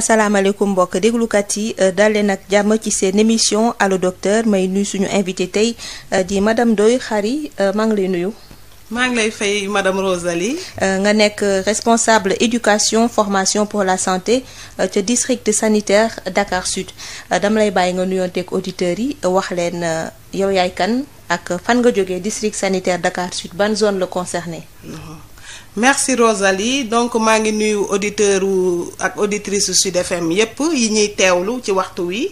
asalaamaaleykum mbokk déglukat yi euh, dal nag ak jàmm ci seen émission allo docteur may nuyu suñu invité tey euh, di madame Ndoye Khary euh, maa ngi lay nuyu. maa ngi lay fay madame Rosalie. nga nekk responsable éducation formation pour la santé ca district sanitaire Dakar Sud dama lay bàyyi nga nuyonteeg auditeurs yi wax leen yow yaay kan ak fan nga jógee district sanitaire Dakar Sud ban zone la concerné. Mhm. merci Rosalie donc maa ngi nuyu auditeur wu ak auditrice u Sud FM yépp yi ñuy teewlu ci waxtu wi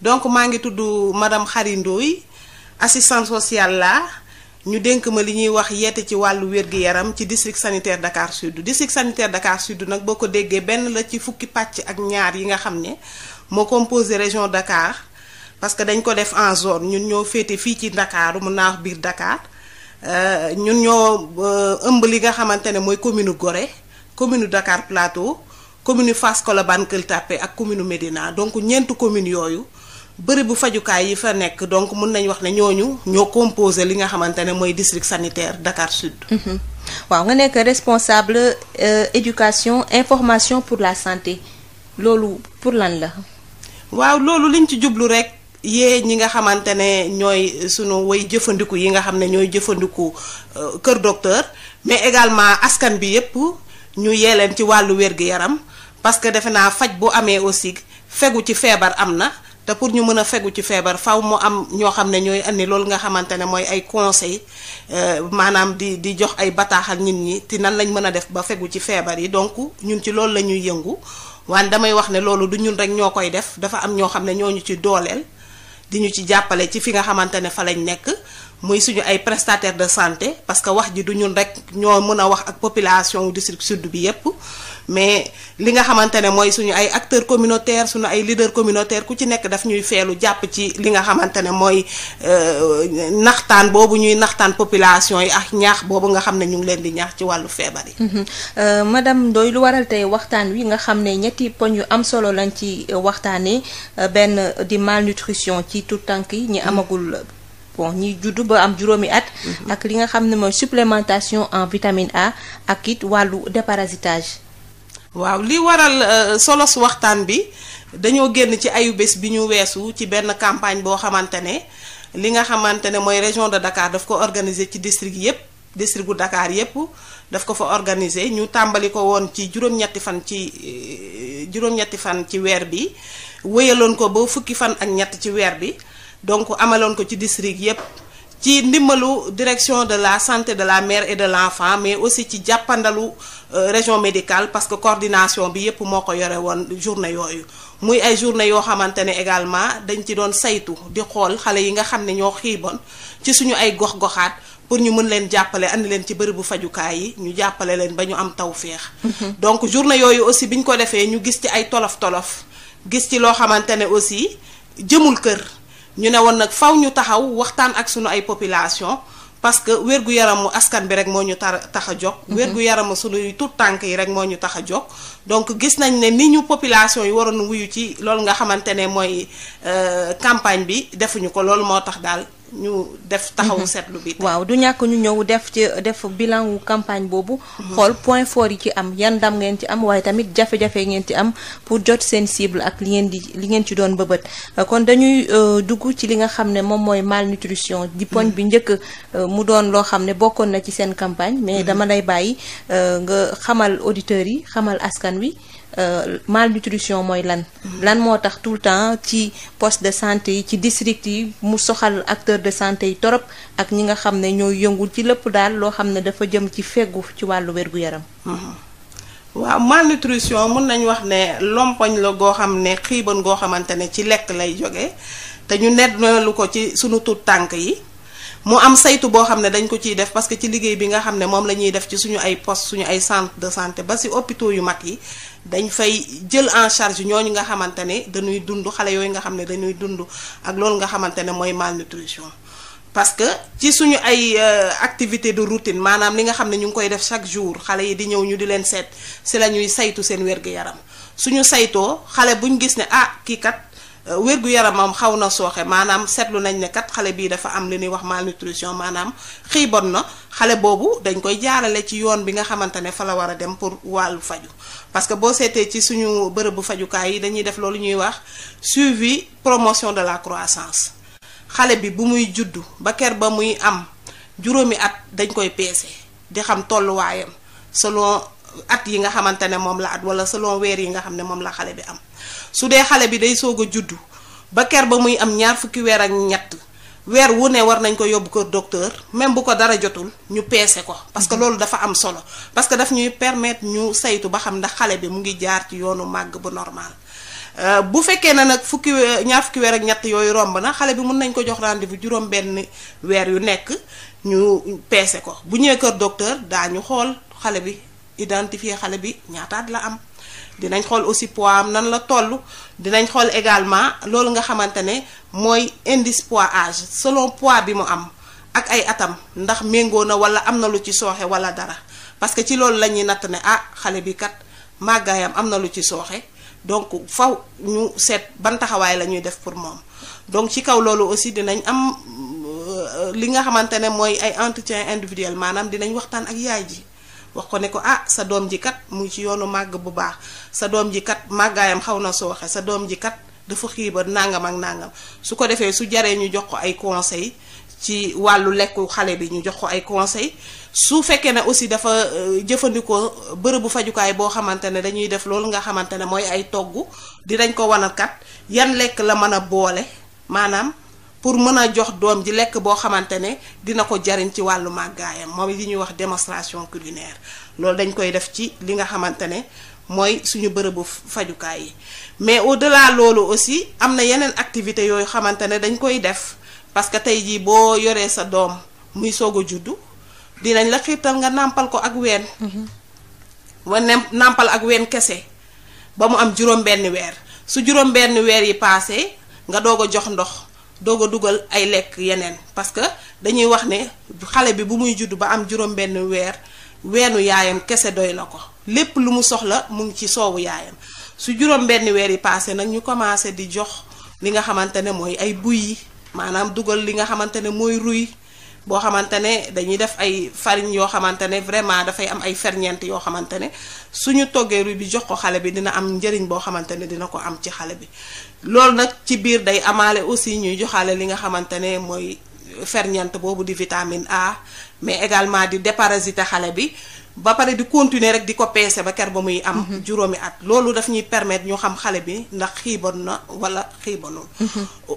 donc maa ngi tudd madame xarindooy Ndoye assistante sociale la ñu dénk ma li ñuy wax yeete ci wàllu wér-gi-yaram ci district sanitaire Dakar Sud district sanitaire Dakar Sud nag boo ko déggee benn la ci fukki pàcc ak ñaar yi nga xam ne moo composé région Dakar parce que dañ ko def en zone ñun ñoo féete fii ci Ndakaaru mën naa wax biir Dakar Euh, ñun ñoo euh, ëmb li nga xamante ne mooy commune gore commune Dakar Plateau commune Fass Colobane Gueule Tapée ak commune Médina donc ñeentu commune yooyu bëri bu fajukaay yi fa nekk donc mun nañu wax ne ñooñu ñoo composé li nga xamante ne mooy district sanitaire Dakar Sud. Mhm. waaw nga nekk responsable euh, éducation information pour la santé loolu pour lan la. waaw loolu liñ ci jublu rek. yee ñi nga xamante ne ñooy sunu way jëfandiku yi nga xam ne ñooy jëfandiku euh, kër docteur mais également askan bi yépp ñu yeeleen ci wàllu wér gi yaram parce que defe naa faj bu amee aussi fegu ci feebar am na te pour ñu mën a fegu ci feebar faw mu am ñoo xam ne ñooy andi loolu nga xamante ne mooy ay conseil euh, maanaam di di jox ay bataaxal nit ñi te nan lañ mën a def ba fegu ci feebar yi donc ñun ci loolu la ñuy yëngu waan damay wax ne loolu du ñun rek ñoo koy def dafa am ñoo xam ne ñoo ñu ci dooleel di ñu ci jàppale ci fi nga xamante ne fa lañ nekk muy suñu ay prestataire de santé parce que wax ji du ñun rek ñoo mën a wax ak population district sud bi yépp mais li nga xamante ne mooy suñu ay acteurs communautaires suñu ay leaders communautaires ku ci nekk daf ñuy feelu jàpp ci li nga xamante ne mooy euh, naxtaan boobu ñuy naxtaan population yi ak ñaax boobu nga xam ne ñu ngi leen di ñaax ci wàllu feebar yi. Mm-hmm. Euh, madame Ndoye lu waral tey waxtaan wi nga xam ne ñetti poñ yu am solo lañ ci waxtaanee euh, benn di malnutrition ci tout tànk yi ñi mm-hmm. amagul. bon ñi juddu ba am juróomi at. Mm-hmm. ak li nga xam ne mooy supplémentation en vitamine A ak it wàllu deparasitage waaw li waral euh, solos waxtaan bi dañoo génn ci ayu bés bi ñu weesu ci benn campagne boo xamante ne li nga xamante ne mooy région de Dakar daf ko organiser ci district yépp district gu dakaar yépp daf ko fa organiser ñu tàmbali ko woon ci juróom fan ci euh, juróom-ñetti fan ci weer bi wéyaloon ko ba fukki fan ak ñett ci weer bi donc amaloon ko ci district yépp ci ndimbalu direction de la santé de la mère et de l'enfant mais aussi ci jàppandalu euh, région médical parce que coordination bi yépp moo ko yore woon journée yooyu muy ay journée yoo xamante ne également dañ ci doon saytu di xool xale yi nga xam ne ñoo xiiboon ci suñu ay gox-goxaat pour ñu mën leen jàppale andi leen ci bërëbu fajukaay yi ñu jàppale leen ba ñu am tawféex. Mhm. donc journée yooyu aussi bi ñu ko defee ñu gis ci ay tolof tolof gis ci loo xamante ne aussi jëmul kër. ñu ne woon nag faw ñu taxaw waxtaan ak sunu ay population parce que wérgu yaramu askan bi rek moo ñu tar tax a jóg. Mhm. gu yaramu sunuy tout tànk yi rek moo ñu tax a jóg. donc gis nañ ne ni ñu population yi waroon wuyu ci loolu nga xamante ne mooy euh, campagne bi defuñu ko loolu moo tax daal ñu def taxawu mhm. seetlu bi. waaw du ñàkk ñu ñëw def ci def bilan wu campagne boobu. Mhm. xool point fort yi ci am yan dam ngeen ci am waaye tamit jafe-jafe ngeen ci am pour jot seen cible ak li ngeen di li ngeen ci doon bëbët kon dañuy euh, dugg ci li nga xam ne moom mooy malnutrition. di mhm. poñ bi njëkk euh, mu doon loo xam ne bokkoon na ci seen campagne. mais dama lay bàyyi euh, nga xamal auditeurs yi xamal askan wi. Euh, malnutrition mooy lan. lan moo tax tout le temps ci poste de santé yi ci district yi mu soxal acteur de santé yi torop ak ñi nga xam ne ñooy yëngul ci lépp daal loo xam ne dafa jëm ci feggu ci wàllu wérgu yaram. Mhm. waaw malnutrition mun nañu wax ne lompoñ la goo xam ne xiiban goo xamante ne ci lekk lay jóge te ñu nettlu ko ci sunu tut tànk yi mu am saytu boo xam ne dañ ko ciy def parce que ci liggéey bi nga xam ne moom la ñuy def ci suñu ay poste suñu ay centre de santé ba si hôpitaux yu mag yi dañ fay jël en charge ñooñu nga xamante ne dañuy dund xale yooyu nga xam ne dañuy dund ak loolu nga xamante ne mooy malnutrition parce que ci suñu ay euh, activité de routine maanaam li nga xam ne ñu ngi koy def chaque jour xale yi di ñëw ñu di leen seet si la ñuy saytu seen wér-gu-yaram suñu saytoo xale buñ gis ne ah kii kat euh, wér yaram yaramam xaw na sooxe maanaam seetlu nañ ne kat xale bii dafa am li ñuy wax malnutrition maanaam xiibon na xale boobu dañ koy jaarale ci yoon bi nga xamante ne fa la war a dem pour wàllu faju parce que boo seetee ci suñu bërëbu fajukaay yi dañuy def loolu ñuy wax suivi promotion de la croissance xale bi bu muy juddu ba kër ba muy am juróomi at dañ koy peese di xam tolluwaayam selon at yi nga xamante ne moom la at wala selon weer yi nga xam ne moom la xale bi am su dee xale bi day soog a juddu ba kër ba muy am ñaar fukki weer ak ñett weer wu ne war nañ ko yóbbu ko docteur même bu ko dara jotul ñu peese ko parce que mhm. loolu dafa am solo parce que daf ñuy permettre ñu saytu ba xam ndax xale bi mu ngi jaar ci yoonu màgg bu normal euh, bu fekkee ne nag fukki ñaar fukki ak ñett yooyu romb na xale bi mun nañ ko jox rendez-vous juróom benn weer yu nekk ñu peese ko bu ñëwee kër daa ñu xool xale bi identifier xale bi ñaataat la am dinañ xool aussi poids am nan la toll dinañ xool également loolu nga xamante ne mooy indice poids âge selon poids bi mu am ak ay atam ndax méngoo na wala am na lu ci sooxe wala dara parce que ci loolu la ñuy natt ne ah xale bi kat màggaayam am na lu ci sooxe donc faw ñu seet ban taxawaay la ñuy def pour moom donc ci kaw loolu aussi dinañ am euh, li nga xamante ne mooy ay entretien individuel maanaam dinañ waxtaan ak yaay ji wax ko ne ko ah sa doom ji kat mu ci yoonu màgg bu baax sa doom ji kat màggaayam xaw na sooxee sa doom ji kat dafa xiibar nangam ak nangam su ko defee su jaree ñu jox ko ay conseil ci wàllu lekku xale bi ñu jox ko ay conseil su fekkee ne aussi dafa euh, jëfandikoo bërëbu fajukaay boo xamante ne dañuy def loolu nga xamante ne mooy ay togg dinañ ko wan kat yan lekk la mën a boole maanaam pour mën a jox doom ji lekk boo xamante ne dina ko jariñ ci wàllu màggaayam moom li ñuy wax démonstration culinaire loolu dañ koy def ci li nga xamante ne mooy suñu bërëbu fajukaay yi mais au delà loolu aussi am na yeneen activités yooyu xamante ne dañ koy def parce que tey jii boo yoree sa doom muy soog a juddu dinañ la xiirtal nga nàmpal ko ak ween mm-hmm. wa nàmpal ak wenn kese ba mu am juróom benn weer su juróom benn weer yi paase nga doog a jox ndox doog a dugal ay lekk yeneen parce que dañuy wax ne xale bi bu muy juddu ba am juróom-benn weer weenu yaayam kese doy na ko lépp lu mu soxla mu ngi ci soowu yaayam su juróom-benn weer yi passé nag ñu commencé di jox li nga xamante ne mooy ay buy yi maanaam dugal li nga xamante ne mooy ruy boo xamante ne dañuy def ay farine yoo xamante ne vraiment dafay am ay ferñeent yoo xamante ne ñu toggee riz bi jox ko xale bi dina am njëriñ boo xamante ne dina ko am ci xale bi loolu nag ci biir day amaale aussi ñuy joxaale li nga xamante ne mooy ferñeent boobu di vitamine A mais également di déparasiter xale bi ba pare di continuer rek di ko ba ker muy am mhm. juróomi at loolu daf ñuy permettre ñu xam xale bi ndax xiibon na wala xiibonul mhm.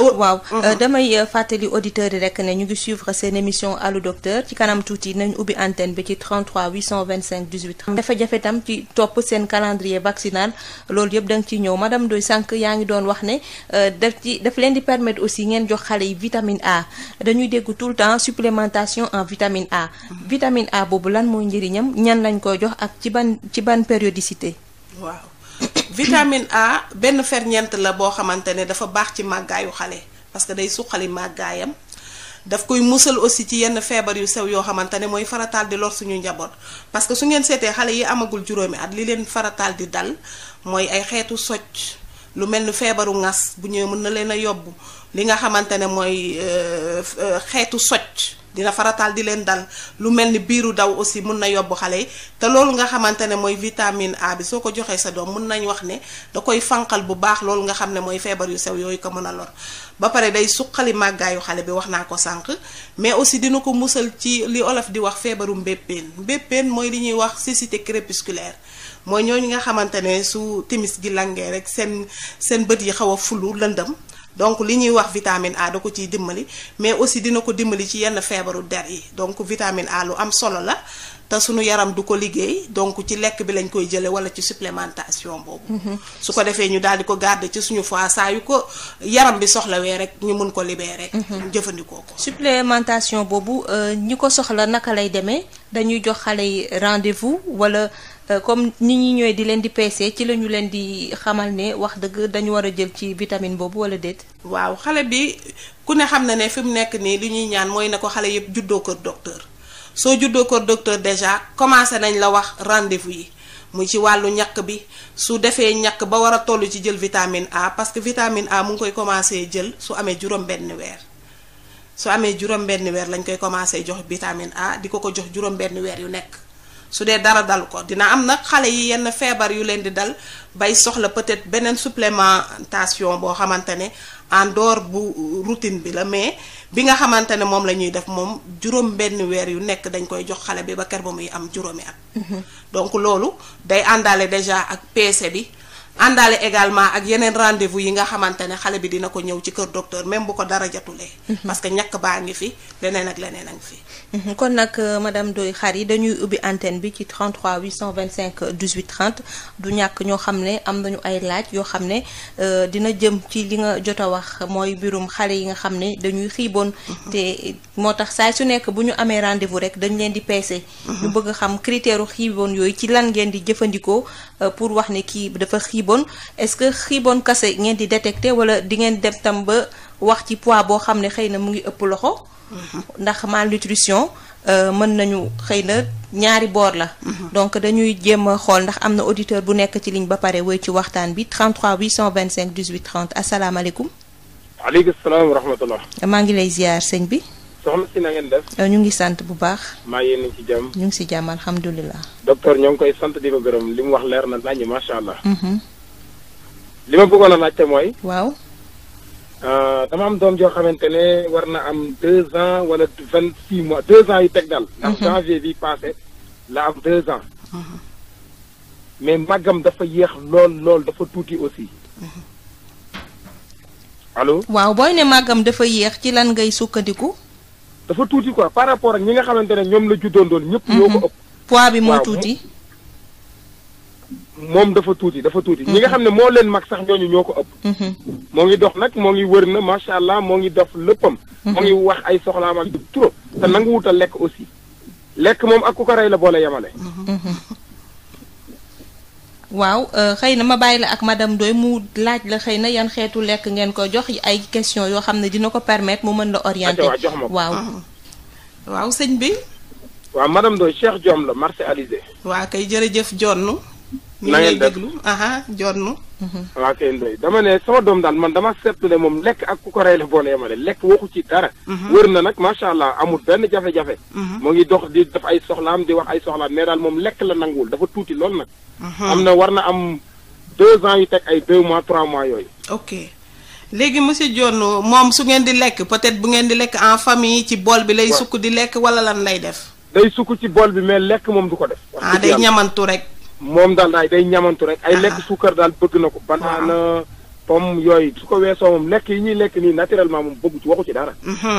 Oh. waaw mm-hmm. euh, damay euh, fàttali auditeurs yi rek ne ñu ngi suivre seen émission allo docteur ci kanam tuuti nañ ubbi antenne bi ci 33 825 18. jafe-jafe tam ci topp seen calendrier vaccinal loolu yëpp da nga ciy ñëw madame Ndoye sànq yaa ngi doon wax ne euh, daf ci daf leen di permettre aussi ngeen jox xale yi vitamine A dañuy dégg tout le temps supplémentation en vitamine A. Mm-hmm. vitamine A boobu lan mooy njëriñam ñan lañ koy jox ak ci ban ci ban périodicité. waaw. vitamine A benn ferñeent la boo xamante ne dafa baax ci màggaayu xale parce que day suqali màggaayam daf koy musal aussi ci yenn feebar yu sew yoo xamante ne mooy farataal di lor suñu njaboot parce que su ngeen seetee xale yi amagul juróomi at li leen farataal di dal mooy ay xeetu socc lu mel ni feebaru ngas bu ñëwee mën na leen a yóbbu li nga xamante ne mooy euh, euh, xeetu socc dina farataal di leen dal lu mel ni biiru daw aussi mun na yobbu xale yi te loolu nga xamante ne mooy vitamine A bi soo ko joxee sa doom mun nañ wax ne da koy fanqal bu baax loolu nga xam ne mooy feebar yu sew yooyu ko mën a lor ba pare day suqali màggaayu xale bi wax naa ko sànq mais aussi dina ko musal ci li olof di wax feebaru mbéppéen mbéppéen mooy li ñuy wax cécité crépusculaire mooy ñooñu nga xamante ne su timis gi langee rek seen seen bët yi xaw a fulu lëndëm donc li ñuy wax vitamine A da ko ciy dimbali mais aussi dina ko dimbali ci yenn feebaru der yi donc vitamine A lu am solo la te suñu yaram du ko liggéey donc ci lekk bi lañ koy jëlee wala ci supplémentation boobu. Mhm. su ko defee ñu daal di ko garder ci suñu fois saa yu ko yaram bi soxlawee rek ñu mun ko libérer. Mhm. jëfandikoo ko. supplémentation boobu euh, ñi ko soxla naka lay demee dañuy jox xale yi rendez-vous wala. Euh, comme nit ñi ñooy di leen di peese ci la ñu leen di xamal ne wax dëgg dañu war a jël ci vitamine boobu walla déet. waaw xale bi ku ne xam ne ne fi mu nekk nii li ñuy ñaan mooy ne ko xale yëpp juddoo kër docteur soo juddoo kër docteur déjà commencé nañ la wax rendez-vous yi. mu ci wàllu ñàkk bi su defee ñàkk ba war a toll ci jël vitamine A parce que vitamine A mu ngi koy commencé jël su amee juróom-benn weer su amee juróom-benn weer lañ koy commencé jox vitamine A di ko ko jox juróom weer yu nekk. su dee dara dal ko dina am nag xale yi yenn feebar yu leen di dal bay soxla peut-être beneen supplémentation boo xamante ne en dehors bu routine bi la mais bi nga xamante ne moom la ñuy def moom juróom benn weer yu nekk dañ koy jox xale bi ba ker ba muy am juróomi at. Mhm. donc loolu day àndaale déjà ak PC bi. àndaale également ak yeneen rendez-vous yi nga xamante ne xale bi dina ko ñëw ci kër docteur même bu ko dara jatulee. Mhm. parce que ñàkk baa ngi fi leneen ak leneen a ngi Mhm. kon nag euh, doy Doye yi dañuy ubbi antenne bi ci 33 825 18 30 du ñàkk ñoo xam ne am nañu ay laaj yoo xam ne euh, dina jëm ci li nga jot a wax mooy mbirum xale yi nga xam ne dañuy xiiboon. Mhm. te moo tax saa su nekk bu ñu amee rendez-vous rek dañ leen di peese. Mhm. ñu bëgg xam critère xiiboon yooyu ci lan ngeen di jëfandikoo euh, pour wax ne kii dafa xiiboon est-ce que xiiboon kase ngeen di détecter wala di ngeen dem tam ba wax ci poids boo xam ne xëy na mu ngi ëpp loxo. ndax malnutrition euh, mën nañu xëy na ñaari boor la. Mhm. donc dañuy jéem a xool ndax am na auditeur bu nekk ci ligne ba pare woy ci waxtaan bi 33 825 18 30 asalaamaaleykum. waaleykum salaam wa rahmatullah. maa ngi lay ziar sëñ bi. soxna si na ngeen def. Euh, ñu ngi sant bu baax. maa yéen ci jàmm. ñu ngi si jàmm alhamdulilah. docteur ñoo ngi koy sant di ko gërëm li mu wax leer na nañu macha allah. Mhm. li ma bëggoon a mooy. waaw. Euh, dama am doom joo xamante ne war na am deux ans wala vingt six mois deux ans yu teg daal. Mhm. ndax janvier bi passé la am deux ans. Mhm. mais màggam dafa yéex lool lool dafa tuuti aussi. Mhm. allo. waaw booy ne màggam dafa yéex ci lan ngay sukkandiku. dafa tuuti quoi par rapport ak ñi nga xamante ne ñoom la juddoon doon ñëpp. ñoo ko ëpp. poids bi moo tuuti. moom dafa tuuti dafa tuuti. ñi nga mhm. xam ne moo leen mag sax ñooñu ñoo ko ëpp. Mhm. moo ngi dox nag moo ngi wër na macha allah moo ngi def léppam. moo mhm. ngi wax ay soxlaam ak trop. te nanguwut a lekk aussi. lekk moom ak ku ko rey la boole yemale. waaw euh, xëy na ma bàyyi la ak madame Ndoye mu laaj la xëy na yan xeetu lekk ngeen ko jox ay question yoo xam ne dina ko permettre mu mën la orienter. waaw waaw sëñ bi. waaw madame Ndoye Cheikh Diome la marché alise waa kay jërëjëf jonn na ngeen def lu ngi lay déglu aha kay Ndeye dama ne sama doom daal man dama seetlu ne moom lekk ak ku ko rey la boo yemale lekk waxu ci dara. Mhm. wër na nag macha allah amul benn jafe-jafe. Mhm. ngi dox di def ay soxlaam di wax ay soxlaam mais daal moom lekk la nanguwul dafa tuuti lool nag. Mhm. am na war na am deux ans yu teg ay deux mois trois mois yooyu. ok léegi monsieur Dione moom su ngeen di lekk peut-être bu ngeen di lekk en famille ci bool bi lay sukk di lekk walla lan lay def. day sukk ci bool bi mais lekk moom du ko def. ah rek. moom daal daay day ñamantu rek. ay lekk ah. suukar daal bëgg na ko. Ah. banaana pomme yooyu su ko weesoo moom lekk yi ñuy lekk nii naturellement moom bëggu ci waxu ci dara. Mhm.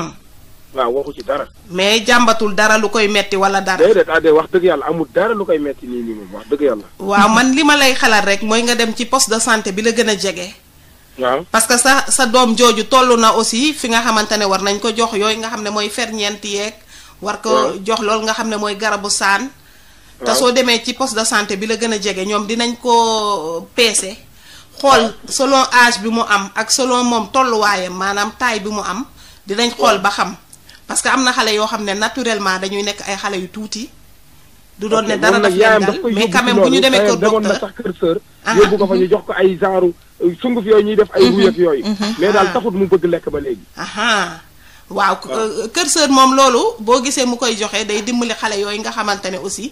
waaw waxu ci dara. mais jàmbatul dara lu koy metti wala dara. déedéet ah wax dëgg yàlla amul dara lu koy metti nii nii moom wax dëgg yàlla. waaw man li ma lay xalaat rek mooy nga dem ci poste de santé bi la gën a jege. waaw parce que sa sa doom jooju toll na aussi fi nga xamante ne war nañ ko jox yooyu nga xam ne mooy fer ñeent yeeg. war ko jox loolu nga xam ne mooy garabu saan. te soo demee ci poste de santé bi la gën a jege ñoom dinañ ko peese. xool selon âge bi mu am ak selon moom tolluwaayam maanaam taay bi mu am dinañ xool ba xam parce que am na xale yoo xam ne naturellement dañuy nekk ay xale yu tuuti. du doon ne dara daf leen dal mais quand même bu ñu demee kër docteur na sax kër sër ah. yóbbu ko fa ñu jox ko ay genre sunguf yooyu ñuy def ay mhm. ruy yooyu mhm. mais daal ah. taxut mu bëgg lekk ba léegi waaw euh, kër sër moom loolu boo gisee mu koy joxee day dimbali xale yooyu nga xamante ne aussi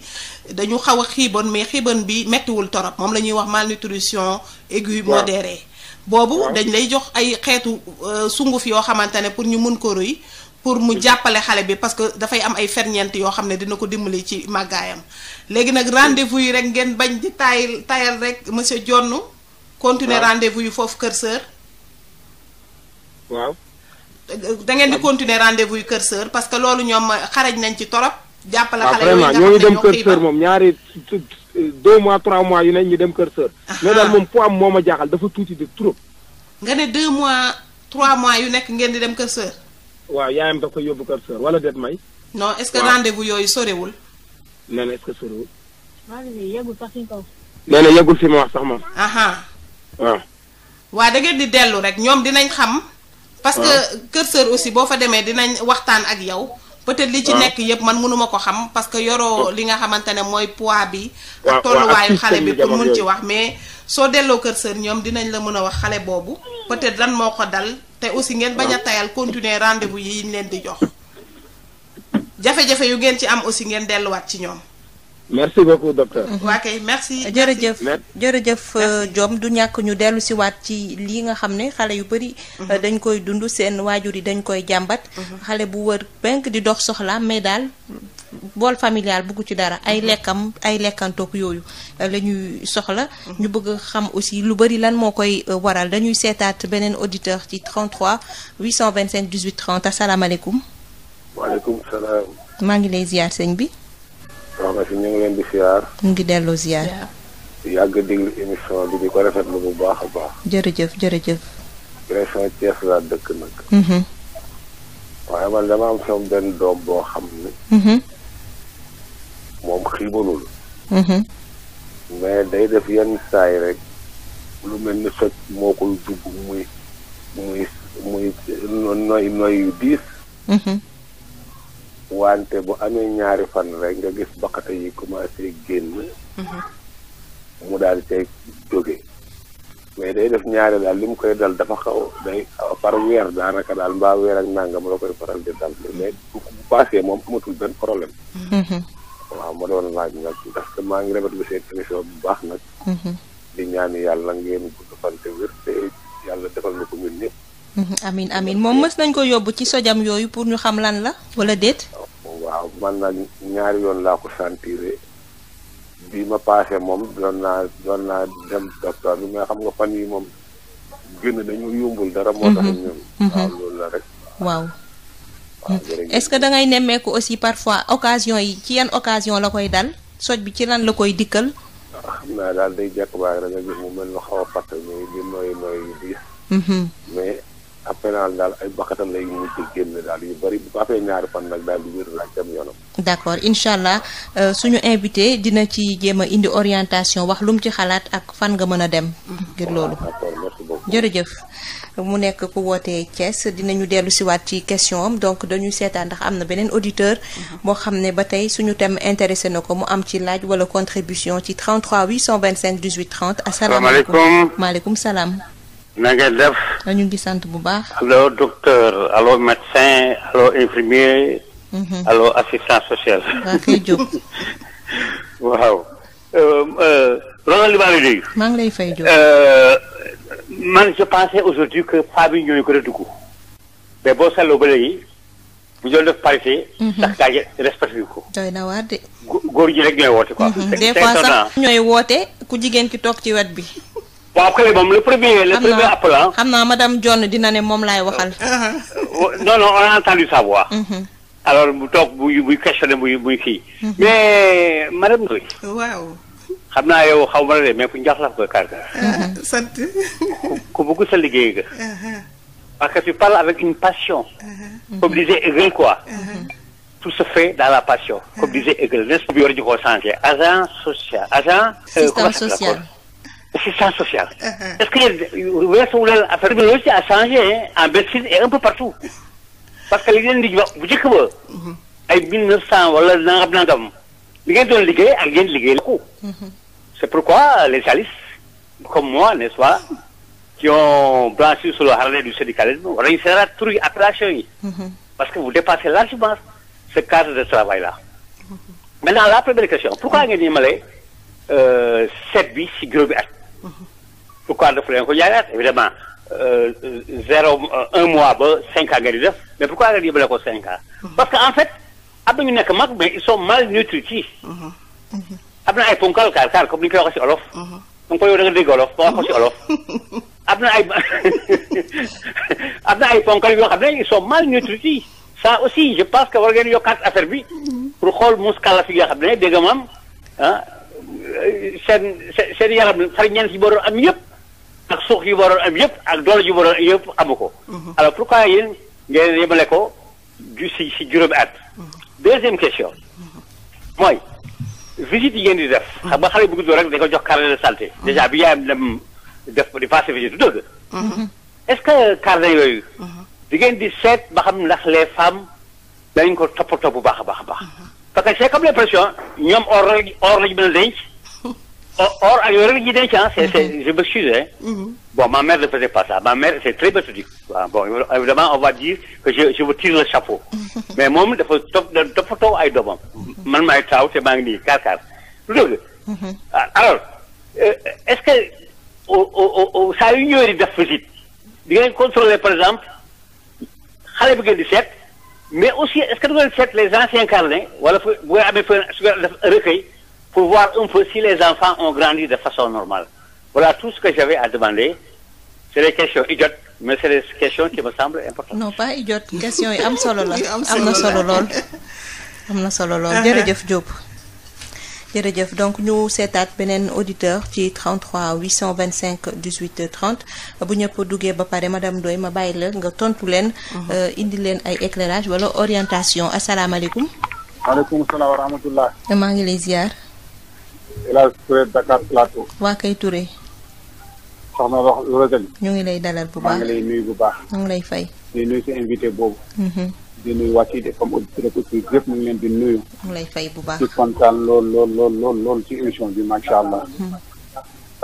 dañu xaw a xiibon mais xiibon bi méttiwul torop moom la ñuy wax malnutrition aiguë modérée boobu dañ lay jox ay xeetu euh, sunguf yoo xamante ne pour ñu mën ko ruy pour mu mm-hmm. jàppale xale bi parce que dafay am ay ferñeent yoo xam ne dina ko dimbali ci màggaayam léegi nag rendez-vous yi rek ngeen bañ di taayal taayal rek monsieur Jonn continuer rendez-vous yi foofu kër sër da ngeen di continuer rendez-vous yu Kër Sër parce que loolu ñoom xarañ nañ ci torop. jàppale xale yooyu nga xam ne ñoo dem Kër Sër moom ñaari deux mois trois mois yu ne ñu dem Kër Sër. mais moom poids am moo ma jaaxal dafa tuuti de trop. nga ne deux mois trois mois yu nekk ngeen di dem Kër Sër. waaw yaayam da koy yóbbu Kër Sër wala déet may. non est ce que rendez-vous yooyu sorewul. nee na est ce que sorewul. maa ngi sax fi kaw. nee na yegul fi ma wax sax moom. waaw. waa da ngeen di dellu rek ñoom dinañ xam. parce que ah. kër aussi boo fa demee dinañ waxtaan ak yow. peut-être li ci ah. nekk yëpp man mënuma ko xam parce que yoroo ah. li nga xamante ne mooy poids bi. ak tolluwaayu xale bi pour mun ci wax mais. soo delloo kër sër ñoom dinañ la mën a wax xale boobu peut-être lan moo ko dal te aussi ngeen bañ a tayal continuer rendez-vous yi ñu leen di jox jafe-jafe yu ngeen ci am aussi ngeen delluwaat ci ñoom. merci beaucoup docteur. Mhm. Euh, merci. jërëjëf jërëjëf euh, jom du ñàkk ñu dellu si waat ci lii nga xam ne xale yu bëri. Mhm. Euh, dañ koy dund seen waajur yi dañ koy jàmbat. Mhm. xale bu wër penk di dox soxla mais daal bool familial bugg ci dara ay lekkam ay lekkantoog yooyu la soxla. ñu bëgg xam aussi lu bëri lan moo koy waral dañuy seetaat beneen auditeur ci 33 825 18 30 asalaamaaleykum. waaleykum maa ngi lay ziar sëñ bi. soxna si ñu ngi leen di siyaar. ñu ngi delloo siyaar. yàgg déglu émission bi di ko rafetlu bu a baax. jërëjëf jërëjëf. région Thiès laa dëkk nag. Mm-hmm. waaye man dama mm-hmm. mm-hmm. def yenn saay rek lu mel ni soj moo koy dugg muy muy muy noy noy diis. wante bu amee ñaari fan rek nga gis baqate yi commencé génn mhm. mu daal cay jóge mais day def ñaari daal li mu koy dal dafa xaw day par weer daanaka daal mbaa weer ak nangam la koy faral di dal mais mhm. bu passé moom amatul benn problème mhm. waaw ma doon laaj nag parce maa ngi rafetlu seen émission bu baax nag di ñaan yàlla ngeen gudd fan te wér na ko ñun ñëpp amin amin moom mës nañ ko yóbbu ci sojam yooyu pour ñu xam lan la wala déet waaw man nag ñaari yoon laa ko sentiré bi ma paase moom doon naa doon naa dem docteur bi mais xam nga fan yi moom génn dañu yombul dara. moo tax mhm. ñun. Mhm. waaw loolu la rek. waaw. est-ce que da ngay nemmeeku aussi parfois occasion yi ci yan occasion la koy dal soj bi ci lan la koy dikkal. Ah, xam naa daal day jàkk baax rek mu mel ne xaw a fàttali muy di nooy nooy yu mais. après daal ay bakkatam lay mujj génn daal yu bari bu ko afee ñaari fan nag daal di wér laaj dem yoonam. d' accord incha allah euh, suñu invité dina ci jéem a indi orientation wax lu mu ci xalaat ak fan nga mën a dem. ngir loolu d' accord jërëjëf. mu nekk ku wootee Thiès dinañu dellu siwaat ci question am donc dañuy seetaan ndax am na beneen auditeur. Mhm. boo xam ne ba tey suñu thème intéressé na ko mu am ci laaj wala contribution ci 33 825 18 30. asalaamaaleykum maaleykum salaam. na ngeen def. ñu ngi sant bu baax. allo docteur allo médecin allo infirmier. Mhm. allo assistant social. waa kay Diop. waaw. Ronald euh, euh, Liba lay dégg. maa ngi lay fay Diop. Euh, man je pensais aujourd'hui que paa bi ñooñu ko dugg. mais boo seetloo ba léegi bu ñu def parité. sax mhm. gaa yi respecté wu ko. doy na de. góor ji rek ñooy woote quoi. Mhm. des sax ñooy woote ku jigéen ki toog ci wet bi. waaw kële moom le premier. le premier appelant xam naa madame John dina ne moom laay waxal. Uh-huh. Oh, non non on a entendu sa voix. Mm-hmm. alors bu toog buy buy questionné buy buy kii. Mm-hmm. mais madame Ndoye. waaw. xam naa yow xaw ma la de mais ku njaxlaf nga kàr kàr. Uh-huh. Mm-hmm. sant. ku bëgg sa liggéey nga. Uh-huh. parce que tu parles avec une passion. comme disait Hegel quoi. tout se fait dans la passion. comme disait Hegel. yor ji ko changé agent social agent. Euh, système social. assistance sociale. est-ce que weesuwu leen affaire bi loolu à a changé en Belgique et un peu partout parce que li ngeen di wax bu njëkk ba. ay mille neuf cent wala nangam nangam li ngeen doon liggéey ak ngeen la ko. c'est pourquoi les salis comme moi n'est-ce pas qui ont blanchi sur le harnais du syndicalisme war nañu seeraat appellation yi. parce que vous dépassez largement ce cadre de travail là. maintenant la première question pourquoi ngeen yemale euh, seet bi si juróomi at. pourquoi daf leen ko jaayaat évidemment euh, zéro euh, un mois ba cinq ans nga di def mais pourquoi nga yëbale ko cinq ans. parce que en fait am na ñu nekk mag mais ils sont mal nutris. Mhm. am na ay ponkal kaar kaar comme ni ñu koy waxee ci olof. da nga koy yow da nga dégg olof ba wax ko ci olof. Mhm. am na ay am na ay ponkal yoo xam ne ils sont mal nutris ça aussi je pense que war ngeen yokkaat affaire bi mhm. pour xool muskala fi nga xam ne de nga maam ah. seen seen yaram xarñeen si waroon am yëpp ak suux yi waroon am yëpp ak doole ji waroon am yëpp amu ko. Mhm. alors pourquoi yéen ngeen yemale ko ju si si juróomi at. Mhm. deuxième question mhm. mooy visite yi ngeen di def. xam nga xale bu gudd rek dañ ko jox carnet de santé. déjà bi yaayam dem def di passé visite du dëgg. est-ce que carnet yooyu. di ngeen di seet ba xam ndax les femmes dañ ko toppatoo bu baax a baax a baax. parce que c'est comme l'impression or or lañu mën a or ak yooyu rek ñu denc ah. c'est c'est je m'excuse hein. bon ma mère ne faisait pas ça ma mère c'est très méthodique. bon évidemment on va dire que je vous tire le chapeau. mais moom dafa topp dafa taw ay doomam. man maay taaw te maa ngi nii kaar kaar alors est-ce que saa yu ñëwee di def visite di ngeen contrôler par exemple xale bi ngeen di mais aussi est-ce que da ngeen seet les anciens carnets wala fu bu ngeen amee su recueil. pour voir un peu si les enfants ont grandi de façon normale. Voilà tout ce que j'avais à demander. C'est des questions idiotes, mais c'est des questions qui me semblent importantes. Non, pas idiotes, questions yi am solo la. am na solo lool am na solo lool. Ah, jërëjëf Diop. jërëjëf donc ñu seetaat beneen auditeur ci 33 825 18 30 bu ñëpp duggee ba pare madame Ndoye ma bàyyi la nga tontu leen. Mhm. Euh, indi leen ay éclairage wala orientation asalaamaaleykum. maaleykum salaam wa rahmatullah. maa ngi lay ziar. El Hadj Touré Dakar Plateau. waa kay Touré. soxna Rosalie. ñu ngi lay dalal bu baax maa ngi lay nuyu bu baax. ñu ngi lay fay. di mu ngi mm-hmm. di nuyu. mu ngi lay fay bu baax di kontaan lool lool lool ci émission bi macha allah. Mm-hmm.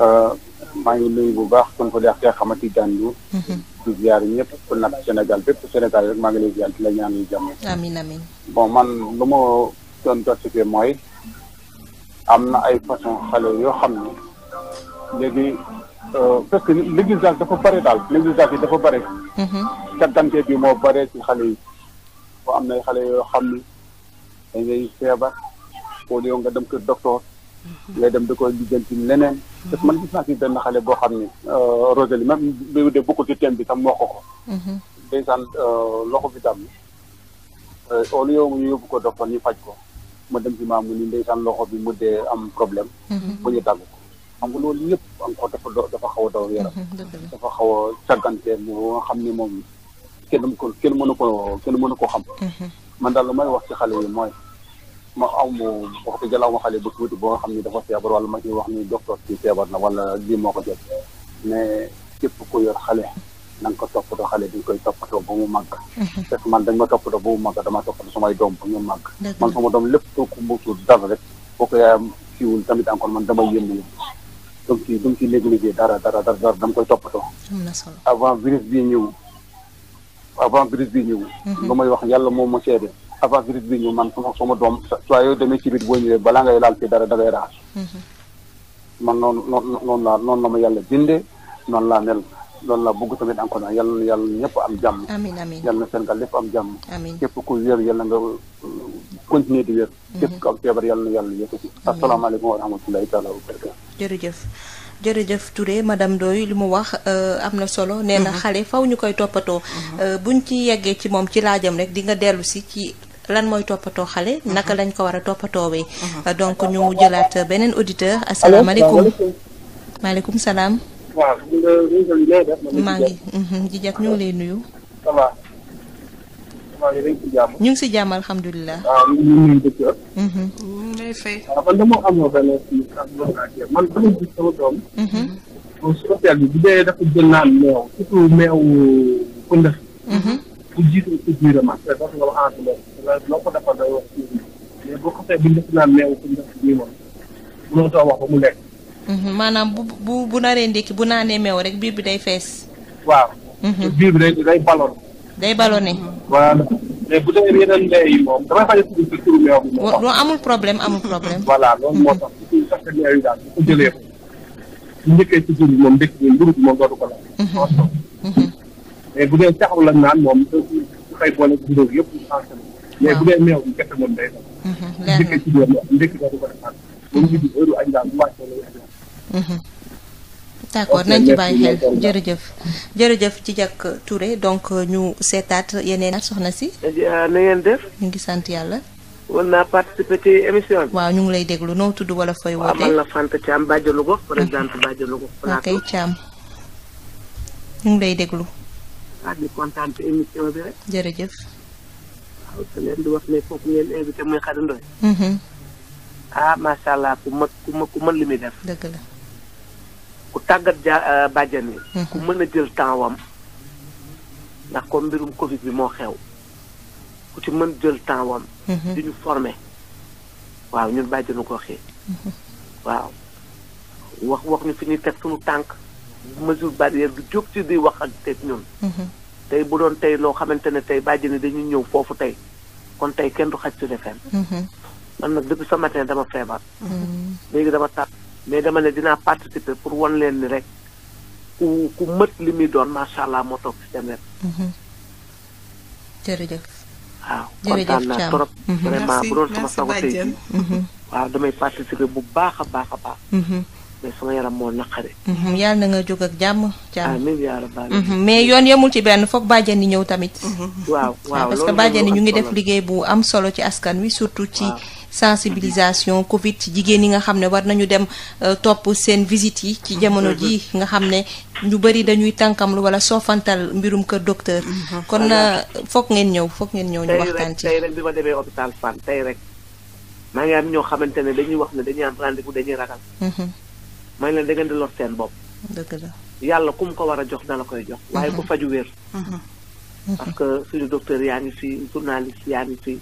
Euh, maa ngi nuyu bu baax kon ko deex kee a jàndu di ziar ñëpp ku nekk Sénégal bépp Sénégal rek maa ngi lay ziar di la ñaanal jàmm. amiin amiin bon man lu ma doon toog mooy. am na ay façon xale yoo xam ne léegi euh, parce que l'exigence dafa bëri daal l'exigence yi dafa bëri. Mm-hmm. caggante bi moo bare ci xale yi boo am nay xale yoo xam ne dañuy feebar au nga dem kër docteur. Mm-hmm. ngay dem di ko lijjanti leneen. Mm-hmm. parce man gis naa ci benn xale boo xam ni euh, Rosalie même bi de bokkul ci thème bi tam moo ko ko. ndeysaan euh, loxo bi tam au lieu nga yóbbu ko docteur ñu faj ko. ma dem ci maam mu ni ndeysaan loxo bi mu dee am problème. ba mm-hmm. ñu dagg ko xam nga loolu yëpp encore dafa dafa xaw a daw yaram. Mm-hmm. dafa xaw a càggante nga xam ni moom kenn ko kenn mënu ko kenn mënu koo xam. Mm-hmm. man daal lu may wax ci xale yi mooy ma aw ma wax dëgg yàlla ma xale bu tuuti boo nga xam ne dafa feebar wala ma ciy wax ni docteur ci feebar na wala lii moo ko jot mais képp ku yor xale. na nga ko toppatoo xale bi koy koy toppatoo ba mu màgg parce que man dañ ma toppatoo ba mu màgg dama toppatoo samay doom ba ñu màgg man sama doom lépp too ko mbuusul dara rek boo ko yaayam fiwul tamit encore man damay yénn dum ci dum ci léegi-léegi dara avant virus bii ñëw avant virus bii ñëw mhm. lu wax yàlla moom ma seede avant virus bii ñëw man sama sama doom soit yooyu demee ci biir boo ñëwee balaa ngay laal ci dara da ngay raxas mhm. man noonu noonu noonu laa noonu la ma yàlla bindee noonu laa mel loolu la bëgg tamit encore yal na yàlla ñëpp am jàmm. amiin amiin yal na Sénégal lépp am jàmm. amiin képp ku wér yal na nga uh, continuer di wér. képp ku am feebar yal na yàlla yëkkati. asalaamaaleykum wa rahmatulahi taala wa jërëjëf. jërëjëf Touré madame Doy li mu wax uh, am na solo mhm. nee na xale faw ñu koy toppatoo mhm. uh, buñ ci yeggee ci moom ci laajam rek di nga dellu si ci lan mooy toppatoo xale mhm. naka lañ ko war a toppatoowee donc ñu jëlaat beneen auditeur asalaamaaleykum maaleykum salaam waaw maa ngi jijak mhm, ñu ngi lay nuyu. ça si jàmm alhamdulilah. waaw ñu ngi mhm. lay fay. waaw ah, man dama amoon benn kii man dama sama doom. Mhm. moom si hôtel bi bu dee dafa jël naan meew surtout meew pëndëx. bu jiitu ci biiram ak dafa nga wax en tout loo ko wax ba mu lekk. Mhm, maanaam bu bu bu naree ndékki bu naanee meew rek biir bi day fees. waaw. Mhm. biir bi day day ballon. day ballonné. voilà yi moom damay faj a tudd ci turu moom amul problème amul problème. voilà loolu moo tax surtout sax meew yi daal bu ko jëlee ko moom ndékki bi la mhm. naan moom bu xëy boole ci ndóog kese moom day def. leer Mm-hmm. d'accord nañ ci bàyyi xel jërëjëf jërëjëf ci jàkk Touré donc ñu seetaat yeneen soxna si. Eh euh, na ñu ngi sant yàlla. war naa participer ci waaw ñu ngi lay déglu noo tudd wala fooy wootee. waaw man la Fanta Thiam Badiane Gox mm-hmm. présidente Badiane Gox. ok Thiam ñu ngi lay déglu. Ah, jërëjëf. waaw muy Khady mm-hmm. ah, allah ku mën ku mën li def. dëgg la. ku tàggat ja euh, bàjjan yi mhm. ku mën a jël temps wam ndax ko mbirum Covid bi moo xew ku ci mën jël temps wam mhm. di ñu formé waaw ñun bàjjanu ko yi mhm. waaw wax wax ñu fi ñuy teg suñu tànk mesure barrière du jóg ci di wax ak teg ñun tey bu doon tey loo xamante ne tey bàjjani dañuy ñëw foofu tey kon tey kenn du xaj su defeen man nag depuis ce matin dama feebar léegi dama tàpp mais dama ne dinaa participer pour wan leen ni rek ku ku mët li muy doon macha allah moo toog si dem rek. jërëjëf. waaw kontaan naa trop. Mhm. bu mhm. waaw damay participer bu baax a baax a baax. Mhm. mais sama yaram moo naqare. yàlla na nga jóg ak jàmm. jàmm amiin yaa rabbal mais yoon yemul ci benn foog bàjjen yi ñëw tamit. waaw waaw parce que bàjjen yi ñu ngi def liggéey bu am solo ci askan wi surtout ci. sensibilisation Covid ci jigéen ñi nga xam ne war nañu dem euh, topp seen visite yi ci jamono ji nga xam ne ñu bëri dañuy tànkam lu wala soofantal mbirum kër docteur mhm. kon na euh, foog ngeen ñëw foog ngeen ñëw ñu waxtaan ci tey rek bi ma demee hôpital Fann tey rek maa ngi am ñoo xamante ne dañuy wax ne dañuy am rendez-vous dañuy ragal maa mhm. ngi leen da ngeen di lor seen bopp yàlla ku mu ko war a jox dala koy jox waaye mhm. ku faju wér parce que suñu docteur yaa ngi fi journaliste yaa fi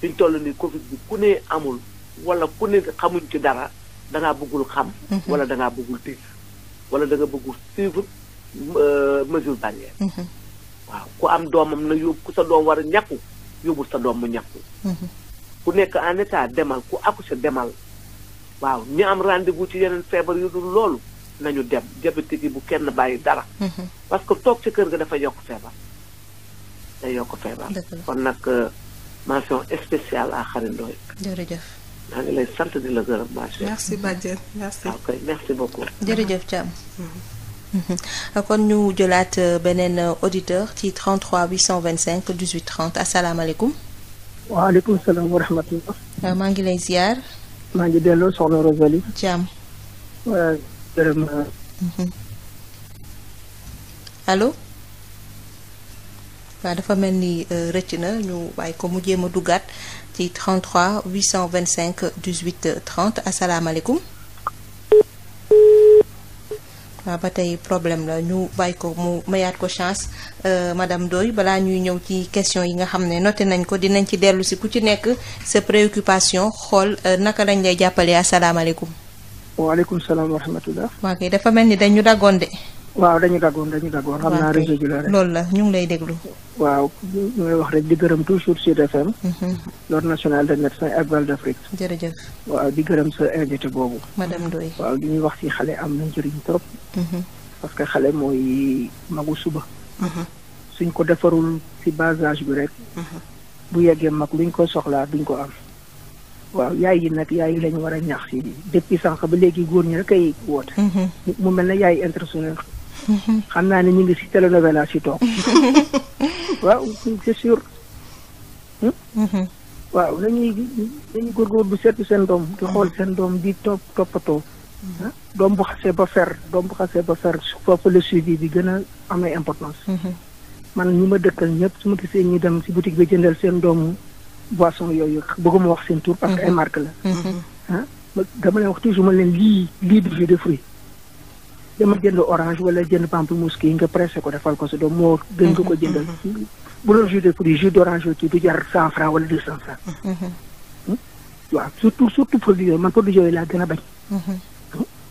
fi ñu toll nii Covid bi ku ne amul wala ku ne xamuñ ci dara da ngaa bëggul xam. Mhm. wala da ngaa bëggul dégg wala da bëggul suivre euh, mesure barrière. Mhm. waaw ku am doomam na yóbbu ku sa doom war a ñàkku sa doom ñàkku. Mhm. ku nekk en état demal ku accouché demal. waaw ñu am rendez-vous ci yeneen feebar yu dul loolu nañu dem diabétique yi bu kenn bàyyi dara. parce que toog ci kër gi dafa yokk feebar. day yokk feebar kon nag. Euh, mention spéciale à Xari Ndoye. jërëjëf. maa ngi lay sant di la gërëm ma chère. merci Badiane merci. ok merci beaucoup. jërëjëf Thiam. Mhm. Mhm. kon ñu jëlaat euh, beneen euh, auditeur ci cinq dix 18 30 asalaamaaleykum. waaleykum salaam wa rahmatullah. Euh, maa ngi lay ziar. maa ngi delloo soxna Rosalie. Thiam. waaw jërëm. Mhm. allo. waaw dafa mel ni euh, rëcc na ñu bàyyi ko mu jéem a duggaat ci vingt cinq 825 18 30 asalaamaaleykum. waaw ba tey problème la ñu bàyyi ko mu mayaat ko chance euh, madame Ndoye balaa ñuy ñëw ci question yi nga xam ne noté nañ ko dinañ ci dellu si ku ci nekk sa préoccupation xool euh, naka lañ lay jàppalee asalaamaaleykum. waaleykum salaam wa rahmatullah. kay dafa mel ni dañ ñu daggoon de. waaw dañu daggoon dañu daggoon xam naa réseau bi la rek loolu la ñu ngi lay déglu. waaw ñu wax rek di gërëm toujours Sud FM. Mhm. l'ordre national des médecins ak de d'Afrique. jërëjëf. waaw di gërëm sa invité boobu. madame Ndoye. waaw li ñuy wax ci xale am na njëriñ trop. Mhm. parce que xale mooy magu suba. Mhm. suñ ko defarul ci bas âge bi rek. bu yeggee mag luñ ko soxlaa duñ ko am. waaw yaay yi nag yaay yi lañ war a ñaax si depuis sànq ba léegi góor ñi rek ay woote. mu mel ne yaay international xam naa ne ñu ngi si télénovela si toog waaw c'est sûr hmm? mm-hmm. waaw góor nañuy góorgóorlu seetu seen doom di xool seen doom di topp toppatoo mm-hmm. ah, doom bu xasee ba fer doom bu xasee ba fer foofu le suivi bi gën a am na importance mm-hmm. man ñu ma dëkkal ñëpp su ma gisee ñi dem si boutique bi jëndal seen doomu boisson yooyu bëgguma wax seen tur parce que ay marque la ah, dama leen wax toujours ma leen lii lii de fruit dama jënd orange wala jënd pamplemousse kii nga pressé ko defal ko sa doom moo gën nga ko mhm, jëndal mhm, mhm. bu doon jus de fruit jus d'orange yooyu kii du jar cent franc wala deux cent hmm? surtout surtout produit yooyu man produit yooyu laa gën a bañ hmm?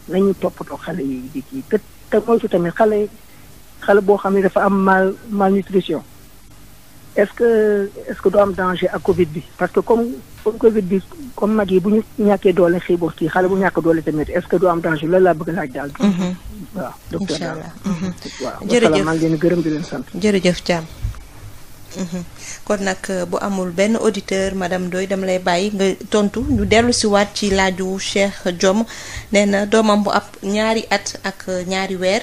nañu toppatoo xale yi di kii te te moytu tamit xale xale boo xam ne dafa am mal malnutrition est-ce que est-ce que du am danger ak Covid bi parce que comme comme Covid bi comme mag yi bu ñu ñàkkee doole xiiboo ci xale bu ñàkk doole tamit est-ce que du am danger loolu laa bëgg laaj daal. Mhm. waaw mhm. jërëjëf maa ngi leen gërëm di leen sant. jërëjëf Thiam. Mhm. kon nag euh, bu amul benn auditeur madame Doy dama lay bàyyi nga tontu ñu dellu si waat ci laaju Cheikh Diom nee na doomam bu ab ñaari at ak euh, ñaari weer.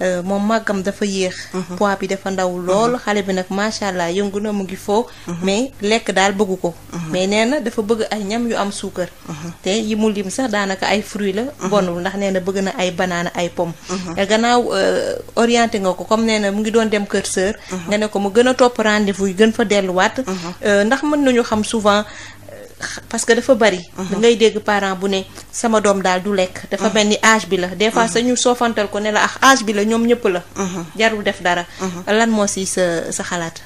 Euh, moom màggam dafa yéex. Mhm. poids bi dafa ndaw lool mhm. xale bi nag macha allah yëngu na mu ngi foo. Mhm. mais lekk daal bëgg ko. mais nee na dafa bëgg ay ñam yu am suukar. te yi mu lim sax daanaka ay fruits la. bonul ndax nee na bëgg na ay banaana ay pomme. gannaaw euh, oriente nga ko comme nee na mu ngi doon dem kër sœur. nga ne ko mu gën a topp rendez-vous yi gën fa delluwaat. Euh, ndax mën nañu xam souvent. parce que dafa bari. Mhm. da ngay dégg parent bu ne sama doom daal du lekk. dafa mhm. mel ni âge bi la des fois mhm. ñu soofantal ko ne la ah âge bi la ñoom ñëpp la. jarul def dara. lan moo si sa sa xalaat.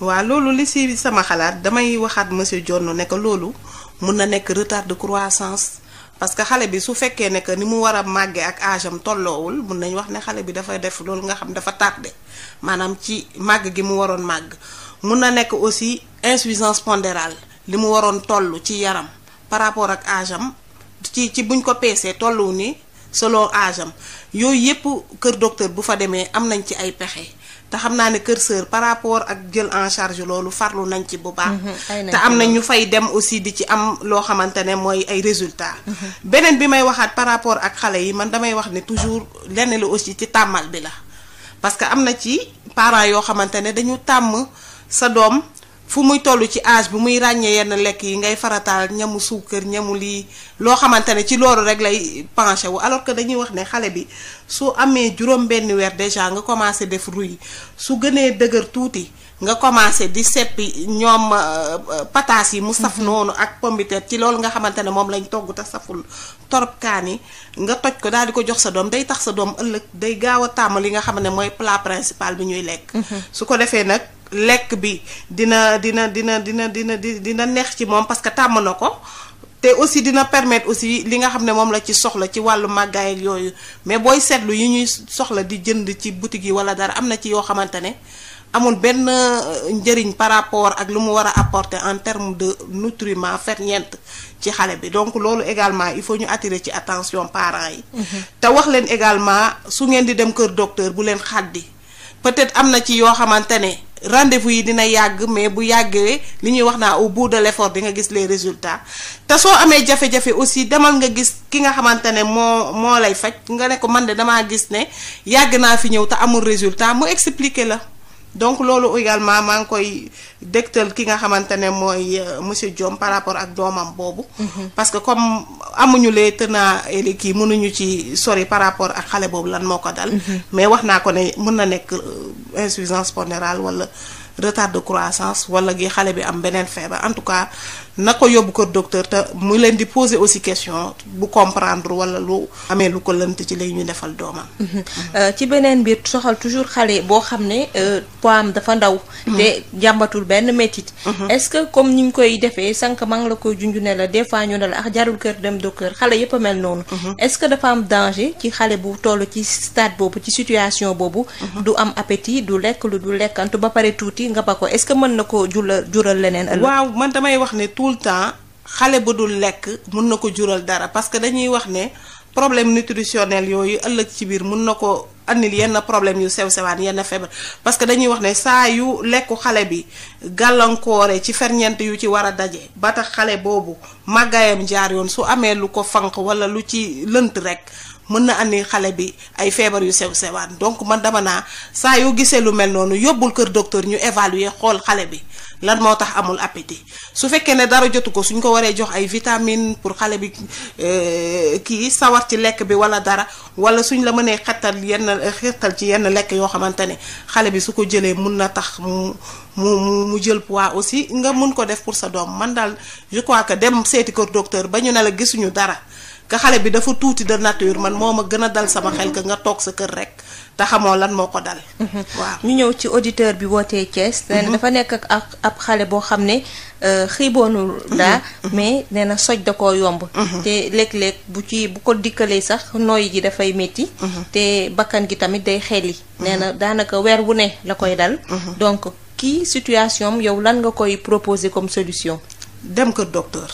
waaw loolu li si sama xalaat damay waxaat monsieur Dione nekk loolu mun na nekk retard de croissance. parce que xale bi su fekkee ne que ni mu war a màggee ak âge am tolloowul mun nañu wax ne xale bi dafa def loolu nga xam dafa tardé maanaam ci màgg gi mu waroon màgg mun na nekk aussi insuffisance pondérale. li mu waroon tollu ci yaram par rapport ak âge ci ci buñ ko peesee tolluwu ni solo âge yooyu yëpp kër docteur bu fa demee am nañ ci ay pexe te xam naa ne kër sœur par rapport ak jël en charge loolu farlu nañ ci bu baax mhm, te am na ñu fay dem aussi di ci am loo xamante ne mooy ay résultats mhm. beneen bi may waxaat par rapport ak xale yi man damay wax ne toujours lenn la aussi ci tàmmal bi la parce que am na ci parent yoo xamante ne dañu tàmm sa doom fu muy toll ci âge bi muy ràññee yenn lekk yi ngay farataal ñamu suukar ñamu lii loo xamante ne ci loolu rek lay penché wu alors que dañuy wax ne xale bi soo amee juróom benn weer déjà nga commencé def ruy su gënee dëgër tuuti nga commencé di seppi ñoom euh, euh, pataas yi mu saf mhm. noonu ak pombiteer ci loolu nga xamante ne moom lañ togg te saful torop kaan yi nga toj ko daal di ko jox sa doom day tax sa doom ëllëg day gaaw tàmm li nga xam ne mooy plat principal bi ñuy lekk mhm. su ko defee nag lekk bi dina dina dina dina dina dina neex ci moom parce que tàmm na ko te aussi dina permettre aussi li nga xam ne moom la ci soxla ci wàllu màggaay yooyu mais booy seetlu yi ñuy soxla di jënd ci boutique yi walla dara am na ci yoo xamante ne amul benn euh, njëriñ par rapport ak lu mu war a apporter en terme de nutriments ferñeent ci xale bi donc loolu également il faut ñu attirer ci attention parents yi. Mhm. te wax leen également su ngeen di dem kër docteur bu leen xaddi peut-être am na ci yoo xamante ne rendez-vous yi dina yàgg mais bu yàggee li ñuy wax naa au bout de l'effort di nga gis les résultat te soo amee jafe-jafe aussi demal nga gis ki nga xamante ne moo moo lay faj nga ne ko man de damaa gis ne yàgg naa fi ñëw te amul résultat mu expliquer la. donc loolu également maa ngi koy dégtal ki nga xamante ne mooy euh, monsieur Diom par rapport ak doomam boobu. Mhm. parce que comme amuñu les tenants et les kii mënuñu ci sori par rapport ak xale boobu lan moo ko dal. Mhm. mais wax naa ko ne mën na nekk euh, insuffisance pondérale wala retard de croissance wala gi xale bi am beneen feebar en tout cas. na ko yóbbu ko docteur te mu leen di poser aussi question bu comprendre wala lu amee lu ko lënt ci lay ñu defal doomam. Mhm. Euh, ci beneen mbir soxal toujours xale boo xam ne euh, poids am dafa ndaw. Mhm. te jàmbatul benn métit mhm. est-ce que comme ni ñu koy defee sànq maa la koy junj ne la des fois ñu ne la ak ah, jarul kër dem docteur xale yëpp a noonu. est-ce que dafa am danger ci xale bu toll ci stade boobu ci situation boobu. du am appétit du lekk lu du lekkant ba pare tuuti nga ba ko est-ce que mën na ko jural jural leneen. ëllëg waaw man damay wax ne tout le temps xale bu dul lekk mun na ko jural dara parce que dañuy wax ne problème nutritionnel yooyu ëllëg ci biir mun na ko andil yenn problème yu sew sewaan yenn feebar parce que dañuy wax ne saa yu lekku xale bi gàllankoore ci ferñeent yu ci war a daje ba xale boobu màggaayam jaar yoon su amee lu ko fanq wala lu ci lënt rekk mën na andi xale bi ay feebar yu sew sewaan donc man dama naa saa yu gisee lu mel noonu yóbbul kër docteur ñu évaluer xool xale bi lan moo tax amul appétit su fekkee ne dara jotu ko suñ ko waree jox ay vitamine pour xale bi euh, kii sawar ci lekk bi wala dara wala suñ la mënee xettal yenn xettal ci yenn lekk yoo xamante ne xale bi su ko jëlee mun na tax mu mu mu jël poids aussi nga mun ko def pour sa doom man daal je crois que dem seeti kër docteur ba ñu ne la gisuñu dara que xale bi dafa tuuti da nature man moo ma gën a dal sama xel que nga toog sa kër rek. te xamoo lan moo ko dal. Mhm. waaw ñu ñëw ci auditeur bi wootee Thiès. Mhm. nee na dafa nekk ak ab xale boo xam ne euh, xiiboonul mhm. daa. mais nee na soj da koo yomb. te léeg-léeg bu ci bu ko dikkalee sax nooy gi dafay métti. te bakkan gi tamit day xeli. nee na daanaka weer wu ne la koy dal. donc kii situation yow lan nga koy proposer comme solution. dem kër docteur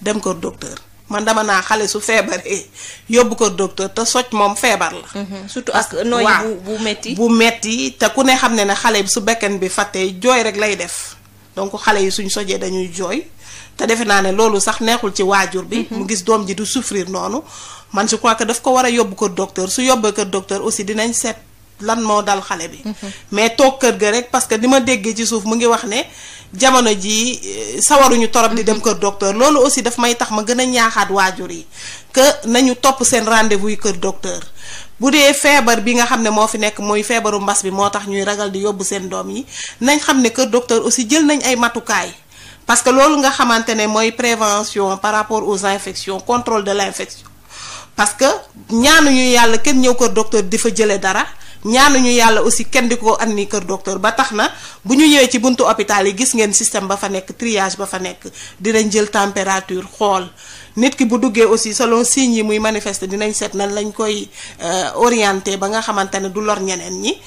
dem kër docteur. man dama naa xale su feebaree yóbbu ko docteur te socc moom feebar la. Mhm. surtout ak nooy bu bu metti bu metti te ku ne xam ne ne xale su bekken bi fàttee jooy rek lay def donc xale yi suñ sojee dañuy jooy te defe naa ne loolu sax neexul ci waajur bi. Mhm. mu gis doom ji du souffrir noonu. man je crois que daf ko war a yóbbu ko docteur su yóbbee kër docteur aussi dinañ seet lan moo dal xale bi. Mhm. mais toog kër ga rek parce que ni ma déggee ci suuf mu ngi wax ne. jamono ji eh, sawaruñu torop di dem kër docteur loolu aussi dafa may tax ma gën a ñaaxaat waajur yi que nañu topp seen rendez-vous yi kër docteur bu dee feebar bi nga xam ne moo fi nekk mooy feebaru mbas bi moo tax ñuy ragal di yóbbu seen doom yi nañ xam ne kër docteur aussi jël nañ ay matukaay parce que loolu nga xamante ne mooy prévention par rapport aux infection contrôle de l'infection parce que ñaanuñu yàlla kenn ñëw kër docteur di fa jëlee dara ñaanuñu yàlla aussi kenn di ko am ni kër docteur ba tax na bu ñu ñëwee ci buntu hôpital yi gis ngeen système ba fa nekk triage ba fa nekk dinañ jël température xool nit ki bu duggee aussi solo signes yi muy manifester dinañ seet nañ lañ koy euh, orienté ba nga xamante ne du lor ñeneen ñi.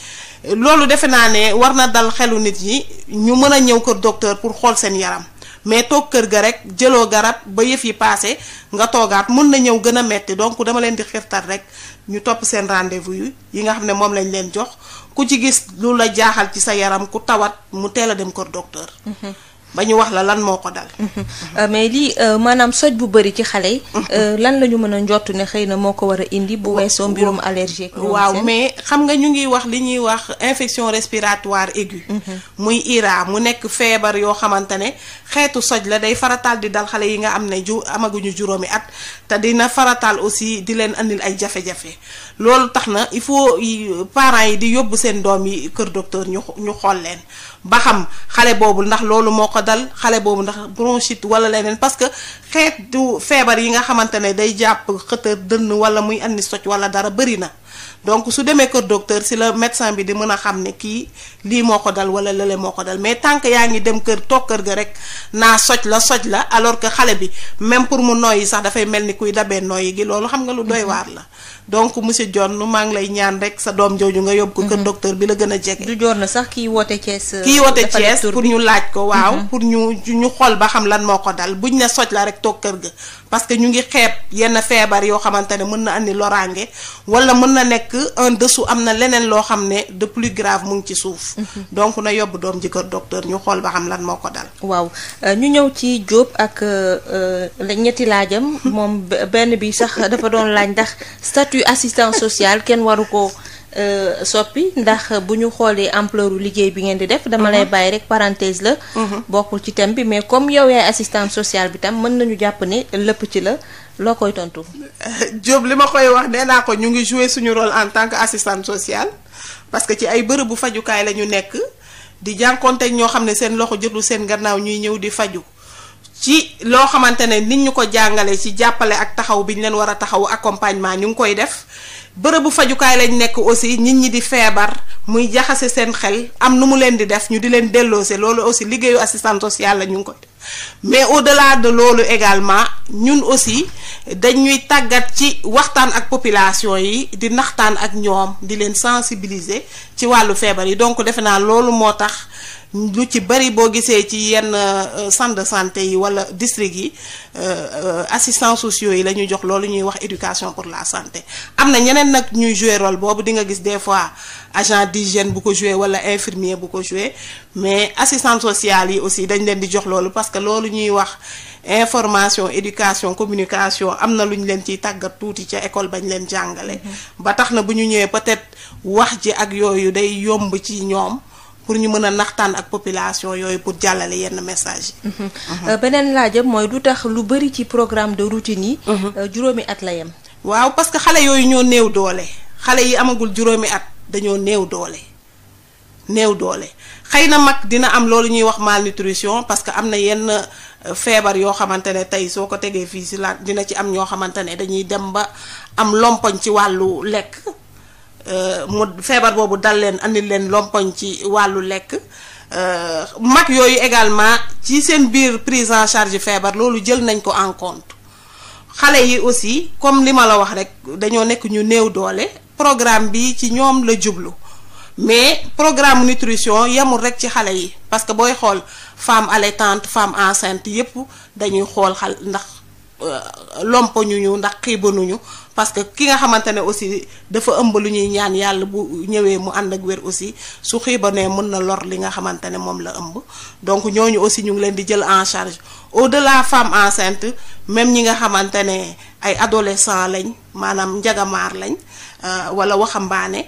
loolu defe naa ne war na dal xelu nit ñi ñu mën a ñëw kër docteur pour xool seen yaram. mais toog kër ga rek jëloo garab ba yëf yi paase nga toogaat mun na ñëw gën a metti donc dama leen di xirtal rek ñu topp seen rendez-vous yi nga xam ne moom lañ leen jox ku ci gis lu la jaaxal ci sa yaram ku tawat mu teel a dem kër docteur. Mm-hmm. ba ñu wax la lan moo ko dal. Euh, mais lii euh, maanaam soj bu bëri ci xale yi. Euh, lan la ñu mën a njottu ne xëy na moo ko war a indi bu weesoo mbirum allergique. waaw mais xam nga ñu ngi wax li ñuy wax infection respiratoire aiguë. Mhm. muy IRA mu nekk feebar yoo xamante ne xeetu soj la day farataal di dal xale yi nga am ne ju amaguñu juróomi at te dina farataal aussi di leen indil ay jafe-jafe. loolu tax na il faut parents yi di yóbbu seen doom yi kër docteur ñu ñu xool leen ba xam xale boobu ndax loolu moo ko dal xale boobu ndax bronchite wala leneen parce que xeetu feebar yi nga xamante ne day jàpp xëtër dënn wala muy andi soj wala dara bëri na. donc su demee kër docteur si la médecin bi di mën a xam ne kii lii moo ko dal wala lele moo ko dal mais tant que yaa ngi dem kër toog kër ga rek naa soj la soj la alors que xale bi même pour mu yi sax dafay mel ni kuy dabee noyyi gi loolu xam nga lu doy waar la donc monsieur John maa ngi lay ñaan rek sa doom jooju nga yóbbu ko kër mhm. docteur bi la gën a jege. du joor na sax kii woote Thiès. Euh, kii woote pour ñu laaj ko waaw. Mhm. pour ñu ñu xool ba xam lan moo ko dal buñ ne soj la rek toog kër ga parce que ñu ngi xeeb yenn feebar yoo xamante ne mën na andi loraange wala mën na nekk fekk un dessous am na leneen loo xam ne de plus grave mu ngi ci suuf. Mhm. donc na yóbbu doom ji kër docteur ñu xool ba xam lan moo ko dal. waaw euh, ñu ñëw ci Diop ak euh, euh, ñetti laajam moom benn bi sax dafa doon laaj ndax statut assistance sociale kenn waru ko. Euh, soppi ndax bu ñu xoolee ampleur liggéey bi ngeen di def. dama mhm. lay bàyyi rek parenthèse la. Mhm. bokkul ci thème bi mais comme yow yaay assistante sociale bi tam mën nañu jàpp ni lépp ci la loo koy tontu. Diop li ma koy wax nee naa ko ñu ngi jouer suñu role en tant que assistante sociale parce que ci ay bërëbu fajukaay la ñu nekk di jànkonteeg ñoo xam ne seen loxo jotul seen gannaaw ñuy ñëw di faju ci loo xamante ne nit ñu ko jàngale ci jàppale ak taxaw bi ñu leen war a taxaw accompagnement ñu ngi koy def. bërëbu fajukaay lañ nekk aussi nit ñi di feebar muy jaxase seen xel am nu mu leen di def ñu di leen delloose loolu aussi liggéeyu assistante sociale la ñu ngi ko mais au delà de loolu également ñun aussi dañuy tàggat ci waxtaan ak population yi di naxtaan ak ñoom di leen sensibiliser ci wàllu feebar yi donc defe naa loolu moo tax. lu ci bari boo gisee ci yenn euh, centre de santé yi wala district yi euh, euh, assistant sociaux yi la ñuy jox loolu ñuy wax éducation pour la santé am na ñeneen nag ñuy jouer rôle boobu di nga gis des fois agent d'hygiène bu ko jouer wala infirmier bu ko jouer mais assistante sociale yi aussi dañ leen di jox loolu parce que loolu ñuy wax information éducation communication am na lu ñu leen ciy tàggat tuuti ca école bañ leen jàngale mm-hmm. ba tax na bu ñu ñëwee peut-être wax ji ak yooyu day yomb ci ñoom pour ñu mën a naxtaan ak population yooyu pour jàllale yenn message yi. Mhm. Mhm. Euh, beneen laajam mooy du tax lu bëri ci programme de routine yi. Mhm. Euh, juróomi at la yem. waaw parce que xale yooyu ñoo néew doole xale yi amagul juróomi at dañoo néew doole neew doole xëy na mag dina am loolu ñuy wax malnutrition parce que am na yenn euh, feebar yoo xamante ne tey soo ko tegee fii si la dina ci am ñoo xamante ne dañuy dem ba am lompoñ ci wàllu lekk. mu feebar boobu dal leen andil leen lompoñ ci wàllu lekk euh, mag yooyu également ci seen biir prise en charge feebar loolu jël nañ ko en compte xale yi aussi comme li ma la wax rek dañoo nekk ñu néew doole programme bi ci ñoom la jublu mais programme nutrition yemul rek ci xale yi parce que booy xool femme allaitante femme enceinte yépp dañuy xool xal ndax euh, lompoñuñu ndax xiibanuñu parce que ki nga xamante ne aussi dafa ëmb lu ñuy ñaan yàlla bu ñëwee mu ànd ak wér aussi su nee mën na lor li nga xamante ne moom la ëmb donc ñooñu aussi ñu ngi leen di jël en charge au-delà en enceinte même ñi nga xamante ne ay adolescent lañ maanaam njagamaar lañ euh, wala waxambaane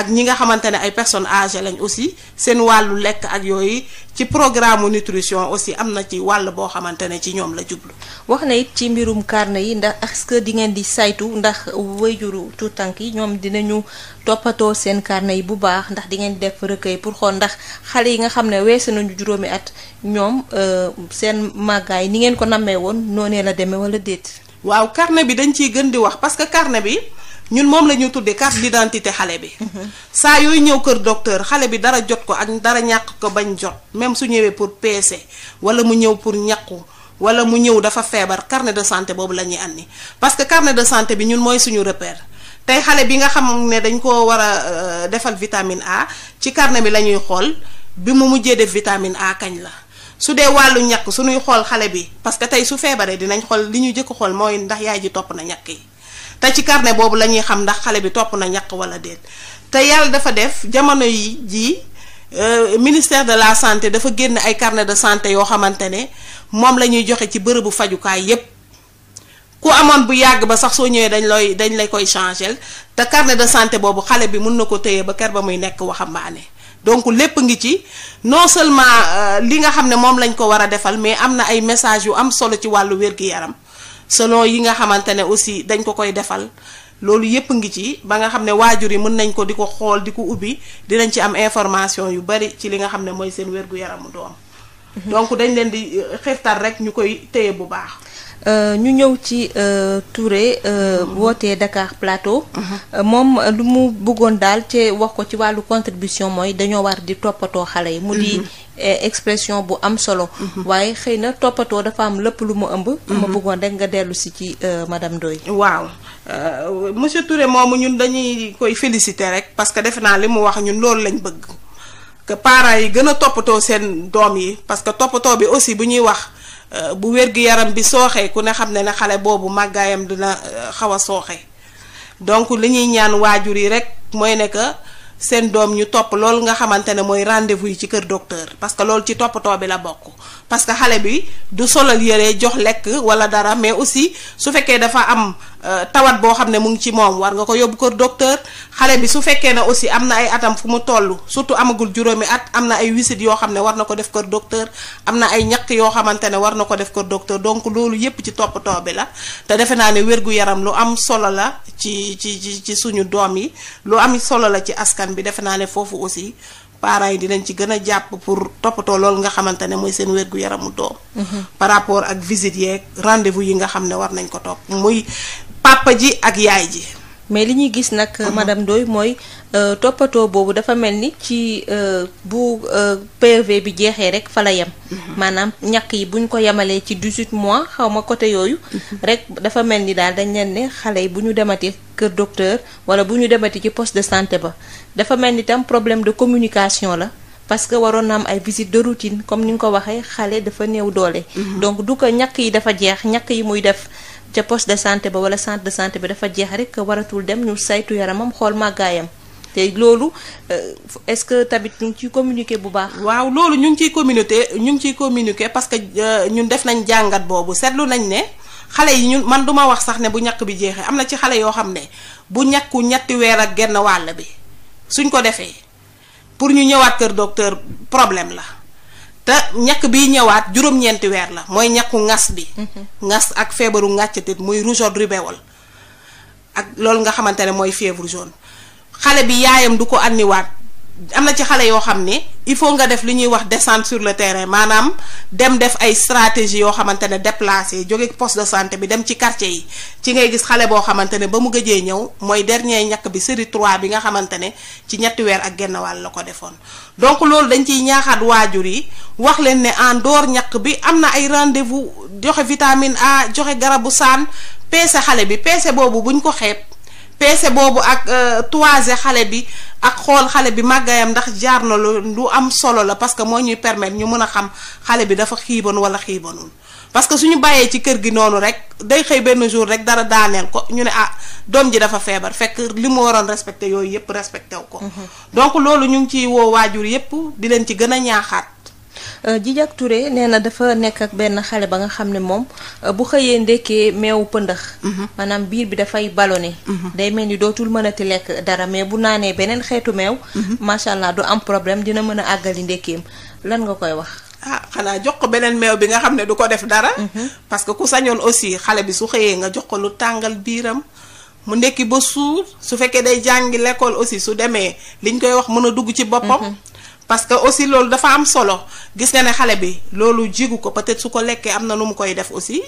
ak ñi nga xamante ne ay personnes âgées lañ aussi seen wàllu lekk ak yooyu ci programme nutrition aussi am na ci wàll boo xamante ne ci ñoom la jublu. wax na it ci mbirum carnet yi ndax est que di ngeen di saytu ndax wayjuru tout tànk yi ñoom dinañu toppatoo seen carnet yi bu baax ndax di ngeen def recueil pour xool ndax xale yi nga xam ne weesu nañu juróomi at ñoom euh, seen màggaay ni ngeen ko nammee woon noonee la demee wala déet. waaw carnet bi dañ ciy gën di wax parce que carnet bi ñun moom la ñuy tuddee carte d'identité xale bi. saa yooyu ñëw kër docteur xale bi dara jot ko ak dara ñàkk ko bañ jot même su ñëwee pour peese wala mu ñëw pour ñàkku wala mu ñëw dafa feebar carnet de santé boobu la ñuy andi parce que carnet de santé bi ñun mooy suñu repère. tey xale bi nga xam ne dañ koo war a euh, defal vitamine A ci carnet bi la ñuy xool bi mu mujjee def vitamine A kañ la. su dee wàllu ñàkk suñuy xool xale bi parce que tey su feebaree dinañ xool li ñu jëkk xool mooy ndax yaay ji topp na ñàkk yi te ci carnet boobu la ñuy xam ndax xale bi topp na ñàkk wala déet te yàlla dafa def jamono yi ji euh, ministère de la santé dafa génn ay carnet de santé yoo xamante ne moom la ñuy joxe ci bërëbu fajukaay yépp ku amoon bu yàgg ba sax soo ñëwee dañ looy dañ lay koy changer te carnet de santé boobu xale bi mun na ko téye ba ker ba muy nekk waxambaane donc lépp ngi ci non seulement euh, li nga xam ne moom lañ ko war a defal mais am na ay message yu am solo ci wàllu wér-gi-yaram selon yi nga xamante ne aussi dañ ko koy defal loolu yépp ngi ci ba nga xam ne waajur yi mën nañ ko di ko xool di ko ubbi dinañ ci am information yu bari ci li nga xam ne mooy seen wér-gu-yaramu doom mhm. donc dañ leen di euh, xeftal rek ñu koy téye bu baax Euh, ñu ñëw ci euh, Touré euh, wootee Dakar Plateau. Uh-huh. moom lu mu bëggoon daal ci wax ko ci wàllu contribution mooy dañoo war di toppatoo xale yi. mu ni uh-huh. eh, expression bu am solo. Uh-huh. waaye xëy na toppatoo dafa am lépp lu mu ëmb. ma bëggoon rek nga dellu si ci madame Ndoye. waaw monsieur Touré moomu ñun dañuy koy féliciter rek parce que defe naa li mu wax ñun loolu lañ bëgg que parents yi gën a toppatoo seen doom yi parce que toppatoo bi aussi bu ñuy wax. Euh, bu wér-gu-yaram bi sooxee ku ne xam ne ne xale boobu màggaayam dina euh, xaw a sooxe donc li ñuy ñaan waajur yi rek mooy ne que seen doom ñu topp loolu nga xamante ne mooy rendez-vous yi ci kër docteur parce que loolu ci toppatoo bi la bokk parce que xale bi du solal yére jox lekk walla dara mais aussi su fekkee dafa am Euh, tawat boo xam ne mu ngi ci moom war nga ko yóbbu ko docteur xale bi su fekkee ne aussi am na ay atam fu mu tollu surtout amagul juróomi at am na ay wisit yoo xam ne war na ko def kër docteur am na ay ñaq yoo xamante ne war na ko def kër docteur donc loolu yépp ci toppatoo bi la te defe naa ne wérgu yaram lu am solo la ci ci ci ci suñu doom yi lu am solo la ci askan bi defe naa ne foofu aussi parents yi dinañ ci gën a jàpp pour toppatoo loolu nga xamante ne mooy seen wérgu yaramu doom. Mm-hmm. par rapport ak visite yeeg rendez-vous yi nga xam ne war nañ ko topp muy. papa ji ak yaay ji. mais li ñuy gis nag. Uh-huh. madame doy mooy euh, toppatoo boobu dafa mel ni ci euh, bu euh, PV e bi jeexee rek fa la yem. Uh-huh. maanaam ñàkk yi buñ ko yemalee ci 18 mois xawma ma côté yooyu. Uh-huh. rek dafa mel ni daal dañ leen ni xale yi bu ñu demati kër docteur wala bu ñu demati ci post de santé ba dafa mel ni tam problème de communication la. parce que waroon na am ay visite de routine comme ni nga ko waxee xale dafa néew doole. donc du ko ñàkk yi dafa jeex ñàkk yi muy def. ca poste de santé ba wala centre de santé bi dafa jeex rek waratul dem ñu saytu yaramam xool màggaayam te loolu euh, est-ce que tamit ñu ngi ciy communiquer bu baax. waaw loolu ñu ngi ciy communauté ñu ngi ciy communiquer parce que euh, ñun def nañ jàngat boobu seetlu nañ ne xale yi ñu man duma wax sax ne bu ñàkk bi jeexee am na ci xale yoo xam ne bu ñàkku ñetti weer ak genn wàll bi suñ ko defee pour ñu ñëwaat kër docteur problème la. te ñàkk biy ñëwaat juróom-ñeenti weer la mooy ñàkku ngas bi. ngas mhm. ak feebaru ngàccatit muy rougeole rubéole ak loolu nga xamante ne mooy fièvre jaune xale bi yaayam du ko anniwaat am na ci xale yoo xam ni il faut nga def li ñuy wax descendre sur le terrain maanaam dem def ay stratégie yoo xamante ne déplacé jóge poste de santé bi dem ci quartier yi ci ngay gis xale boo xamante ne ba mu gëjee ñëw mooy dernier ñàkk bi série 3 bi nga xamante ne ci ñetti weer ak genn wàll la ko defoon. donc loolu dañ ciy ñaaxaat waajur yi wax leen ne en dehors ñàkk bi am na ay rendez-vous joxe vitamine A joxe garabu saan peese xale bi peese boobu buñ ko xeeb. peese boobu ak euh, toise xale bi ak xool xale bi màggayam ndax jaar na lu am solo la parce que moo ñuy permettre ñu mën a xam xale bi dafa xiiban wala xiibanul parce que suñu bàyyee ci kër gi noonu rek day xëy benn jour rek dara daaneel ko ñu ne ah doom ji dafa feebar fekk li mu waroon respecté yooyu yëpp respecté wu ko mm-hmm. donc loolu ñu ngi ciy woo waajur yëpp di leen ci gën a ñaaxaat Euh, Djidiack Touré nee na dafa nekk ak benn xale ba nga xam ne moom euh, bu xëyee ndekkee meewu pëndax mhm. maanaam biir bi dafay ballonné mhm. day mel ni dootul mënati lekk dara mais bu naanee beneen xeetu meew mhm. macha allah du am problème dina mën a àggali ndekkeem lan nga koy wax ah xanaa jox ko beneen meew bi nga xam ne du ko def dara parce que ku sañoon aussi xale bi su xëyee nga jox ko lu tàngal biiram mu ndekki ba suur su fekkee day jàngi lekkool aussi su demee liñ koy wax mën a dugg ci boppam parce que aussi loolu dafa am solo gis nga ne xale bi loolu jigu ko peut-être su ko lekkee am na lu mu koy def aussi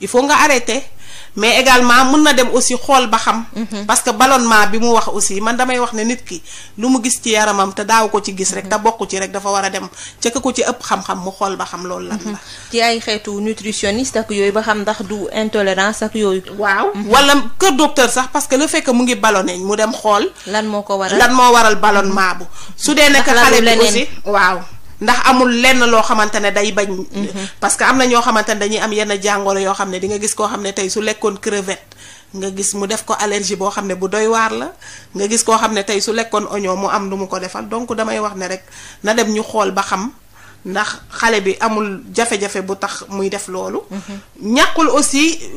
il faut nga arrêter mais également mun na dem aussi xool ba xam. Mhm. parce que ballonnement bi mu wax aussi man damay wax ne nit ki lu mu gis ci yaramam te daaw ko ci gis rek te mhm. bokk ci rek dafa war a dem ca ko ci ëpp xam-xam mu xool ba xam loolu la. Mhm. ci ay xeetu nutritionniste ak yooyu ba xam ndax du intolérance ak yooyu. waaw wala kër docteur sax parce que le fait mu ngi ballonné mu dem xool. lan moo ko waral lan moo waral ballonnement bu. su dee nekk xale bi aussi waaw. ndax amul lenn loo xamante ne day bañ. Mhm. parce que am na ñoo xamante ne dañuy am yenn jàngooro yoo xam ne di nga gis koo xam ne tey su lekkoon crevette nga gis mu def ko allergie boo xam ne bu doy waar la nga gis koo xam ne tey su lekkoon oignon mu am lu mu ko defal donc damay wax ne rek na dem ñu xool ba xam. ndax xale bi amul jafe-jafe bu tax muy def loolu. Mhm. ñàkkul aussi euh,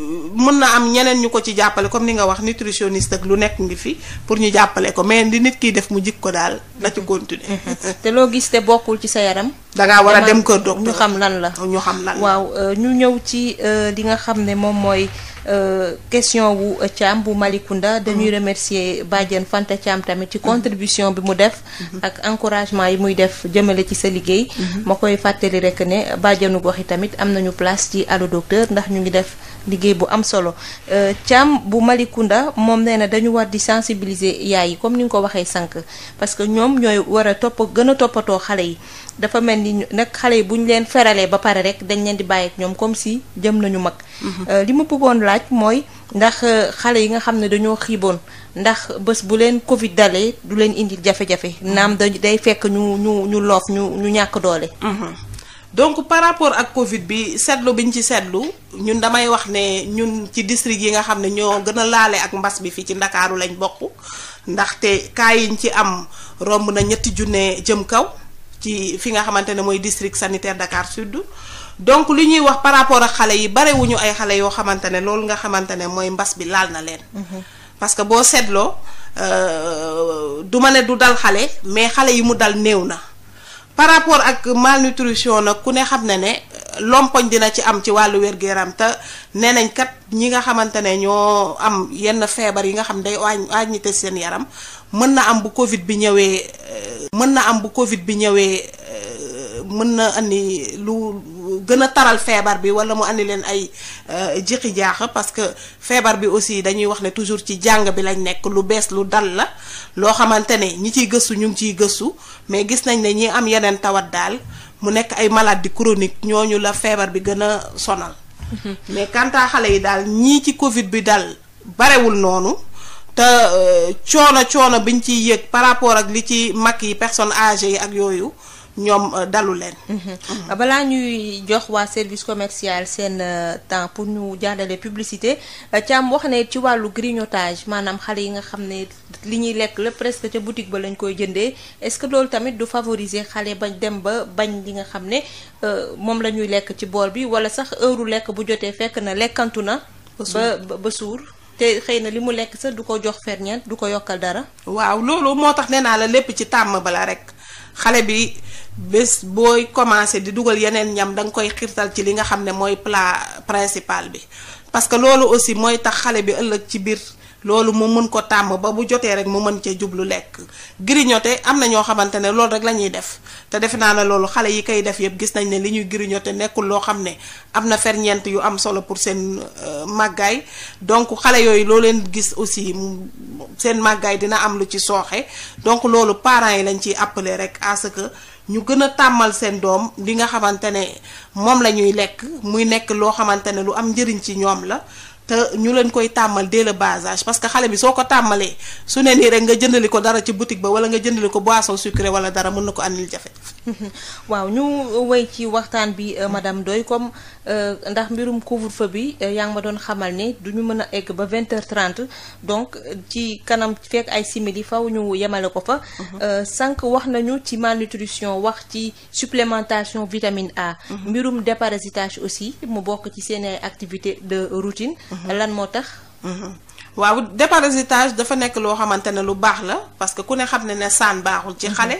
mën na am ñeneen ñu ko ci jàppale comme ni nga wax nutritionniste ak lu nekk ngi fi pour ñu jàppale ko mais di nit kiy def mu jik ko daal na ci mhm. continuer. Mhm. te loo gis te bokkul ci sa yaram. danga war a dem kër docteur ñu xam lan la. ñu xam lan la waaw euh, ñu ñëw ci euh, li nga xam ne moom mooy. Euh, question wu Thiam bu Malicounda dañuy mm-hmm. remercier Badiane Fanta Thiam tamit ci contribution bi mu def mm-hmm. ak encouragement yi muy def jëmale ci sa liggéey mm-hmm. ma koy fàttali rekk ne Badianu gox yi tamit am nañu place ci allo docteur ndax ñu ngi def liggéey bu am solo euh, Thiam bu Malicounda moom nee na dañu war di sensibiliser yaay yi comme ni nga ko waxee sànq parce que ñoom ñooy war a topp gën a toppatoo xale yi dafa mel ni ñu nag xale yi bu ñu leen feralee ba pare rek dañ leen di bàyyi ak ñoom comme si jëm nañu mag. Mhm. Euh, li mu bëggoon laaj mooy ndax euh, xale yi nga xam ne dañoo xiiboon ndax bés bu leen Covid dalee du leen indil jafe-jafe naam day fekk ñu ñu ñu loof ñu ñu ñàkk doole. Mhm. donc par rapport ak Covid bi seetlu bi ñu ci seetlu ñun damay wax ne ñun ci district yi nga xam ne ñoo gën a laale ak mbas bi fii ci ndakaaru lañ bokk ndaxte cas yiñ ci am romb na ñetti junne jëm kaw ci fi nga xamante ne mooy district sanitaire Dakar Sud. donc li ñuy wax par rapport ak xale yi barewuñu ay xale yoo xamante ne loolu nga xamante ne mooy mbas bi laal na leen. Mhm. parce que boo seetloo euh, du ma ne du dal xale mais xale yi mu dal néew na. par rapport ak malnutrition nag ku ne xam ne ne euh, lompoñ dina ci am ci wàllu wér-gu-yaram te nee nañ kat ñi nga xamante ne ñoo am yenn feebar yi nga xam day wàññi wàññite seen yaram mën na am bu Covid bi ñëwee. Euh, mën na am bu Covid bi ñëwee. Euh, mën na andi lu gën a taral feebar bi wala mu andi leen ay euh, jiqi jaax parce que feebar bi aussi dañuy wax ne toujours ci jàng bi lañ nekk lu bees lu dal la loo xamante ne ñi ci gëstu ñu ngi ciy gëstu mais gis nañ ne ñi am yeneen tawat daal mu nekk ay maladie chronique ñooñu la feebar bi gën a sonal. Mhm. mais quant à xale yi daal ñii ci Covid bi dal barewul noonu. te euh, coono coono biñ ciy yëg par rapport ak li ci mag yi personnes age yi ak yooyu ñoom euh, dalu leen. Mm-hmm. balaa ñuy jox waa service commercial seen euh, temps pour ñu jàllale publicité euh, Thiam wax ne ci wàllu grignotage maanaam xale yi nga xam ne li ñuy lekk la presque ca boutique ba lañ koy jëndee est-ce que loolu tamit du favoriser xale ba dem ba bañ li nga xam ne moom la ñuy lekk ci bool bi walla sax heure lekk bu jotee fekk na lekkantu na. ba ba suur. te xëy na li mu lekk sax du ko jox ferñeent du ko yokkal dara. waaw loolu moo tax nee naa la lépp ci tàmm bala rek. xale bi bés booy commencé di dugal yeneen ñam da nga koy xirtal ci li nga xam ne mooy plat principal bi parce que loolu aussi mooy tax xale bi ëllëg ci biir loolu mu mën ko tàmm ba bu jotee rek mu mën cee jublu lekk grignoter am na ñoo xamante ne loolu rek la ñuy def te defe naa ne loolu xale yi koy def yëpp gis nañ ne li ñuy grignoter nekkul loo xam ne am na ferñeent yu am solo pour seen euh, màggaay donc xale yooyu loo leen gis aussi seen màggaay dina am lu ci sooxee donc loolu parent yi lañ ciy appeler rek à que ñu gën a tàmmal seen doom li nga xamante ne moom la ñuy lekk muy nekk loo xamante ne lu am njëriñ ci ñoom la te ñu leen koy tàmmal dès le bas parce que xale bi soo ko tàmbalee su ne nii rek nga jëndali ko dara ci boutique ba wala nga jëndali ko boisson sucrée wala dara mën na ko andil jafe. waaw ñu wéy ci waxtaan bi euh, madame Doy comme Euh, ndax mbirum couvre-feu bi euh, yaa ngi ma doon xamal ni du ñu mën a egg ba vingt heures trente donc ci kanam fekk ay simili faw ñu yemale ko fa mhm. euh, sànq wax nañu ci malnutrition wax ci supplémentation vitamine A mhm. mbirum déparasitage aussi mu bokk ci seen ay activité de routine mhm. lan moo tax waaw déparasitage dafa nekk loo xamante ne lu baax la parce que ku ne xam ne ne saan baaxul ci xale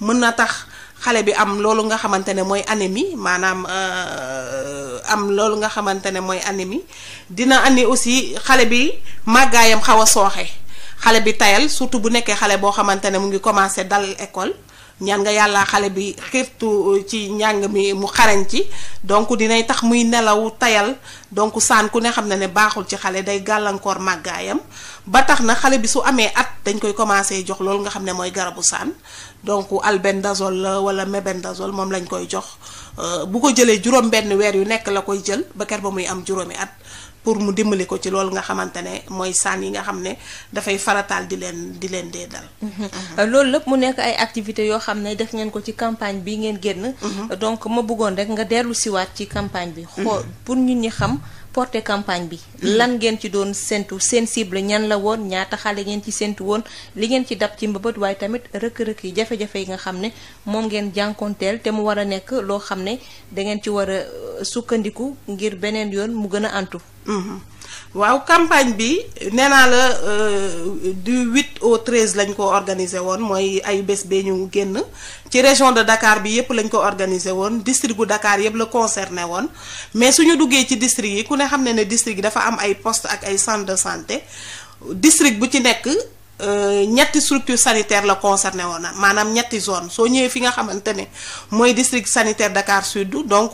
mën na tax xale bi am loolu nga xamante ne mooy anémie maanaam euh, am loolu nga xamante ne mooy anémie dina andi aussi xale bi màggaayam xaw a sooxe xale bi tayal surtout bu nekkee xale boo xamante ne mu ngi commencé dal école ñaan nga yàlla xale bi xirtu uh, ci njàng mi mu xarañ ci donc dinay tax muy nelaw tayal donc saan ku ne xam ne ne baaxul ci xale day gàllankoor màggaayam ba tax na xale bi su amee at dañ koy commencé jox loolu nga xam ne mooy garabu saan donc albendazole la wala mebendazole moom lañ koy jox uh, bu ko jëlee juróom benn weer yu nekk la koy jël ba ker ba muy am juróomi at pour mu dimbali ko ci loolu nga xamante ne mooy saan yi nga xam ne dafay farataal di leen di leen dee dal. Mm-hmm. Euh, loolu lépp mu nekk ay activités yoo xam ne def ngeen ko ci campagne bi ngeen génn. Mm-hmm. donc ma bëggoon rek nga dellu siwaat ci campagne bi. xool mm-hmm. pour ñun ñi xam. porté campagne bi. lan ngeen ci doon séentu seen cible ñan la woon ñaata xale ngeen ci séntu woon li ngeen ci dab ci mbëbët waaye tamit rëkk-rëkk yi jafe-jafe yi nga xam ne moom ngeen jànkonteel te mu war a nekk loo xam ne da ngeen ci war a euh, sukkandiku ngir beneen yoon mu gën a antu. Mm-hmm. waaw campagne bi nee naa la euh, du 8 au 13 lañ ko organisé woon mooy ay bés bee ñu génn ci région de Dakar bi yëpp lañ ko organisé woon district bu dakaar yëpp la concerné woon mais suñu duggee ci district yi ku ne xam ne ne district yi dafa am ay poste ak ay centre de santé district bu ci nekk Euh, ñetti structure sanitaire la concerné woon maanaam ñetti zone soo ñëwee fi nga xamante ne mooy district sanitaire Dakar Sud donc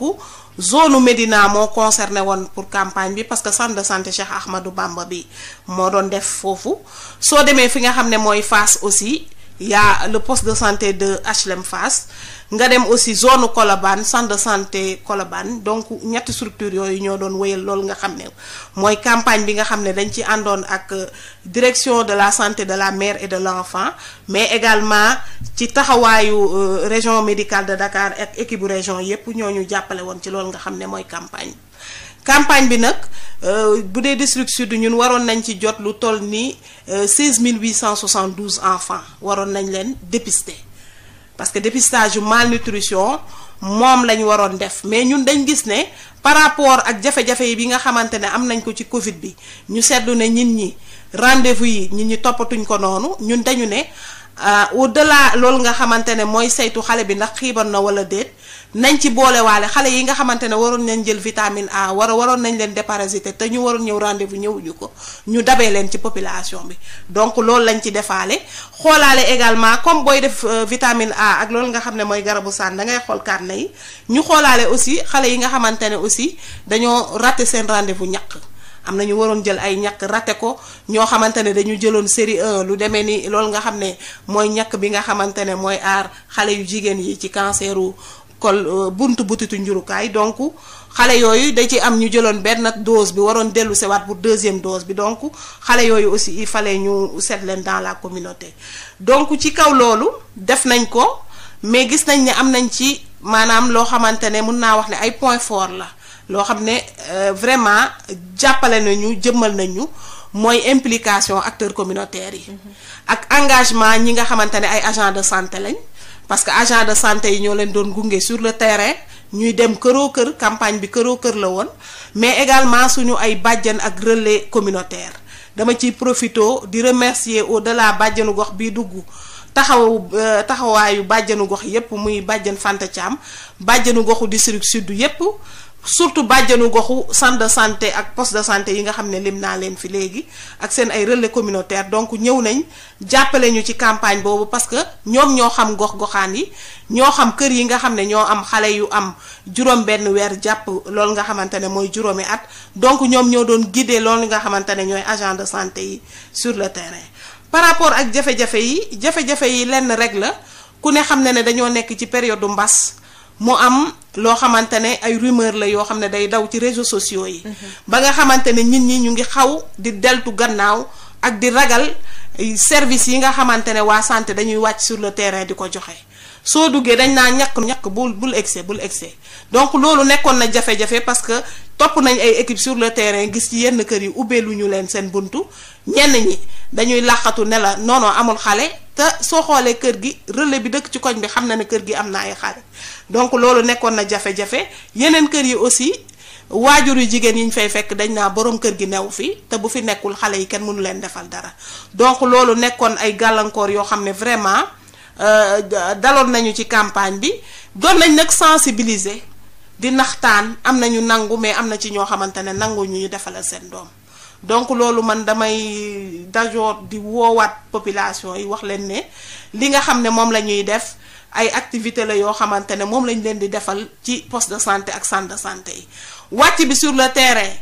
zone Médina moo conserné woon pour campagne bi parce que centre de santé Cheikh Ahmadou Bamba bi moo doon def foofu soo demee fi nga xam ne mooy Fass aussi y a le poste de santé de HLM Fass nga dem aussi zone Colobane centre de santé Colobane donc ñetti structure yooyu ñoo doon wéyal loolu nga xam ne mooy campagne bi nga xam ne dañ ci àndoon ak euh, direction de la santé de la mère et de l'enfant mais également ci taxawaayu euh, région médical de Dakar ak équipe région yépp ñoo ñu jàppale woon ci loolu nga xam ne mooy campagne campagne bi nag euh, bu dee district sud ñun waroon nañ ci jot lu toll ni 16872 euh, enfants waroon nañ leen dépister parce que dépistage yu malnutrition moom lañ waroon def mais ñun dañ gis ne par rapport ak jafe-jafe yi bi nga xamante ne am nañ ko ci Covid bi ñu seetlu ne ñit ñi rendez-vous yi ñit ñi toppatuñ ko noonu ñun dañu ne Euh, au laa loolu nga xamante ne mooy saytu xale bi ndax xiiban na wala déet nañ ci boolewaale xale yi nga xamante ne waroon nañ jël vitamine A war a waroon nañ leen déparasiter te ñu waroon ñëw rendez-vous ñëwuñu ko ñu dabee leen ci population bi donc loolu lañ ci defaale xoolaale également comme booy def euh, vitamine A ak loolu nga xam ne mooy garabu saan dangay ngay xool carnet yi ñu xoolaale aussi xale yi nga xamante ne aussi dañoo raté seen rendez-vous ñàkk am na ñu waroon jël ay ñàkk raté ko ñoo xamante ne dañu jëloon série 1 lu demee ni loolu nga xam ne mooy ñàkk bi nga xamante ne mooy aar xale yu jigéen yi ci canceru kol euh, buntu butitu njurukaay donc xale yooyu dañ ci am ñu jëloon benn dose bi waroon dellu sewaat bu deuxième dose bi donc xale yooyu aussi il fale ñu seet leen dans la communauté donc ci kaw loolu def nañ ko mais gis nañ ni am nañ ci maanaam loo xamante ne mun naa wax ne ay point fort la loo xam ne euh, vraiment jàppale nañu jëmmal nañu mooy implication acteurs communautaire yi. Mm-hmm. ak engagement ñi nga xamante ne ay agents de santé lañ. parce que agent de santé yi ñoo leen doon gunge sur le terrain ñuy dem këroo kër campagne bi këroo kër la woon mais également suñu ay bàjjan ak relais communautaire dama ciy profito di remercier au delà bàjjanu gox bii dugg taxaw euh, taxawaayu bàjjanu gox yépp muy bàjjan Fanta Thiam bàjjanu goxu district sud yépp surtout bàjjanu goxu centre de santé ak poste de santé yi nga xam ne lim naa leen fi léegi ak seen ay relais communautaire donc ñëw nañ jàppale ñu ci campagne boobu parce que ñoom ñoo xam gox goxaan yi ñoo xam kër yi nga xam ne ñoo am xale yu am juróom benn weer jàpp loolu nga xamante ne mooy juróomi at donc ñoom ñoo doon guider loolu nga xamante ne ñooy agent de santé yi sur le terrain par rapport ak jafe-jafe yi jafe-jafe yi lenn rek la ku ne xam ne ne dañoo nekk ci période mbas mu am loo xamante ne ay rumeur la yoo xam ne day daw ci réseau sociaux yi. ba nga xamante ne nit ñi ñu ngi xaw di deltu gannaaw ak di ragal service yi nga xamante ne waa santé dañuy wàcc sur le terrain di ko joxe. soo duggee dañ naa ñàkk ñàkk bul bul excès bul excès donc loolu nekkoon na jafe-jafe parce que topp nañ ay équipe sur le terrain gis ci yenn kër yi lu ñu leen seen buntu ñenn ñi dañuy làqatu nela la amul xale. te soo xoolee kër gi relais bi dëkk ci koñ bi xam na ne kër gi am na ay xale donc loolu nekkoon na jafe-jafe yeneen kër yi aussi waajur yu jigéen yi ñu fay fekk dañ naa borom kër gi new fii te bu fi nekkul xale yi kenn mënu leen defal dara donc loolu nekkoon ay gàllankoor yoo xam ne vraiment euh, daloon nañu ci campagne bi doon nañ nag sensibiliser di naxtaan am nañu nangu mais am na ci ñoo xamante ne nanguñu ñu defalal seen doom. donc loolu man damay dajoor di woowaat population yi wax leen ne li nga xam ne moom la ñuy def ay activité la yoo xamante ne moom lañ leen di defal ci poste de santé ak centre de santé yi wàcc bi sur le terrain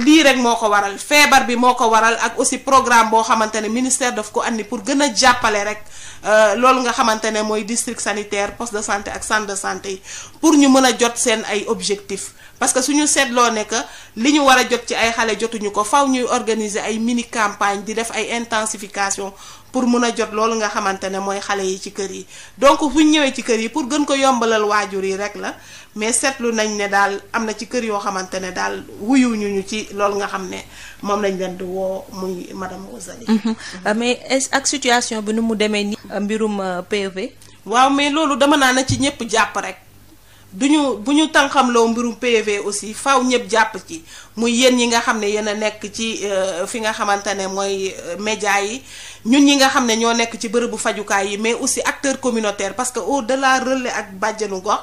lii rek moo ko waral feebar bi moo ko waral ak aussi programme boo xamante ne ministère daf ko andi pour gën a jàppale rek euh, loolu nga xamante ne mooy district sanitaire poste de santé ak centre santé yi pour ñu mën a jot seen ay objectif parce que suñu seetloo ne que li ñu war a jot ci ay xale jotuñu ko faw ñuy organiser ay mini campagne di def ay intensification pour mun a jot loolu nga xamante ne mooy xale yi ci kër yi donc bu ñëwee ci kër yi pour gën ko yombalal waajur yi rek la mais seetlu nañ ne daal am na ci kër yoo xamante ne daal wuyuñu ñu ci loolu nga xam ne moom lañ leen di woo muy madame Rosalie. Mhm. Euh, mais ak situation bi nu mu demee ni mbirum euh, pv e waaw mais loolu dama naa na ci ñëpp jàpp rek. du ñu bu ñu tànqamloo mbirum PV aussi faw ñëpp jàpp ci muy yéen ñi nga xam ne yéen a nekk ci euh, fi nga xamante ne mooy euh, média yi ñun ñi nga xam ne ñoo nekk ci bërëbu fajukaay yi mais aussi acteurs communautaire parce que au delà relais ak bàjjenu gox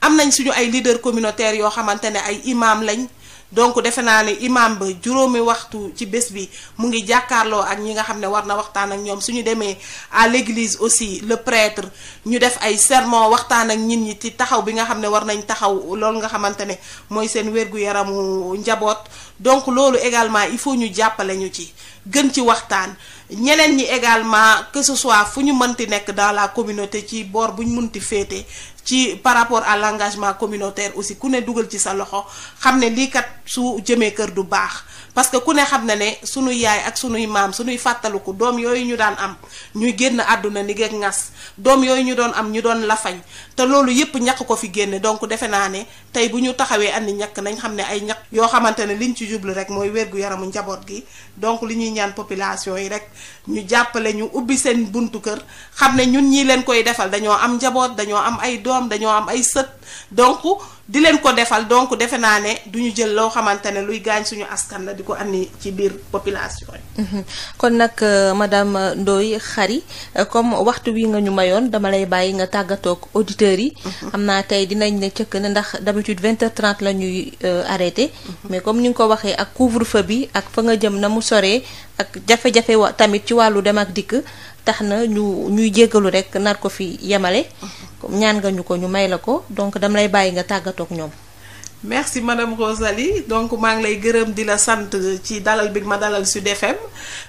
am nañ suñu ay leader communautaire yoo xamante ne ay imaam lañ donc defe naa ne imam ba juróomi waxtu ci bés bi mu ngi jàkkaarloo ak ñi nga xam ne war na waxtaan ak ñoom suñu demee à l'église aussi le prêtre ñu def ay sermon waxtaan ak nit ñi ci taxaw bi nga xam ne war nañ taxaw loolu nga xamante ne mooy seen wér-gu-yaramu njaboot donc loolu également il faut ñu jàppale ñu ci gën ci waxtaan ñeneen ñi également que ce soit fu ñu mënti nekk dans la communauté ci boor bu ñu mënti féete ci par rapport à l'engagement communautaire aussi ku ne dugal ci sa loxo xam ne lii kat su jëmee kër du baax parce que ku ne xam ne ne sunuy yaay ak sunuy maam sunuy fàttaliku doom yooyu ñu daan am ñuy génn àdduna ni geeg ngas doom yooyu ñu doon am ñu doon lafañ te loolu yépp ñàkk ko fi génne donc defe naa ne tey bu ñu taxawee andi ñàkk nañ xam ne ay ñàkk yoo xamante ne liñ ci jublu rek mooy wérgu yaramu njaboot gi donc li ñuy ñaan population yi rek ñu jàppale ñu ubbi seen buntu kër xam ne ñun ñii leen koy defal dañoo am njaboot dañoo am ay doom dañoo am ay sët donc di leen ko defal donc defe naa ne duñu jël loo xamante ne luy gaañ suñu askan la di ko andi ci biir population yi. Mhm. kon nag euh, madama euh, Ndoye Khary euh, comme waxtu wi nga ñu mayoon dama lay bàyyi nga tàggatook auditeurs yi. Mhm. am naa tey dinañ ne cëkk na ndax d'habitude vingt heures trente la ñuy arrêté. Mhm. mais comme ni nga ko waxee ak couvre-feu bi ak fa nga jëm na mu soree ak jafe-jafe tamit ci wàllu dem ak dikk tax na ñu ñuy jéggalu rek nar ko fi yemale. ñaan nga ñu ko ñu may la ko donc dam lay bàyyi nga tàggatook ñoom. merci madame Rosalie donc maa ngi lay gërëm di la sant ci dalal bi ma dalal su FM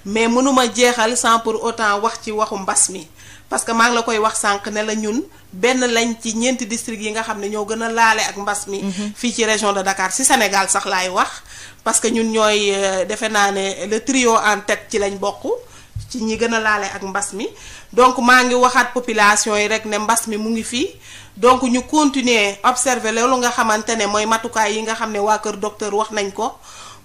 mais mënuma jeexal sans pour autant wax ci waxu mbas mi parce que maa ngi la koy wax sànq ne la ñun benn lañ ci ñeenti districts yi nga xam ne ñoo gën a laale ak mbas mi. Mhm. fii ci région de Dakar si Sénégal sax laay wax parce que ñun ñooy euh, defe naa ne le trio en tête ci lañ bokk. ci ñi gën a laale ak mbas mi donc maa ngi waxaat population yi rek ne mbas mi mu ngi fii donc ñu continuer observer loolu nga xamante ne mooy matukaay yi nga xam ne waa kër docteur wax nañ ko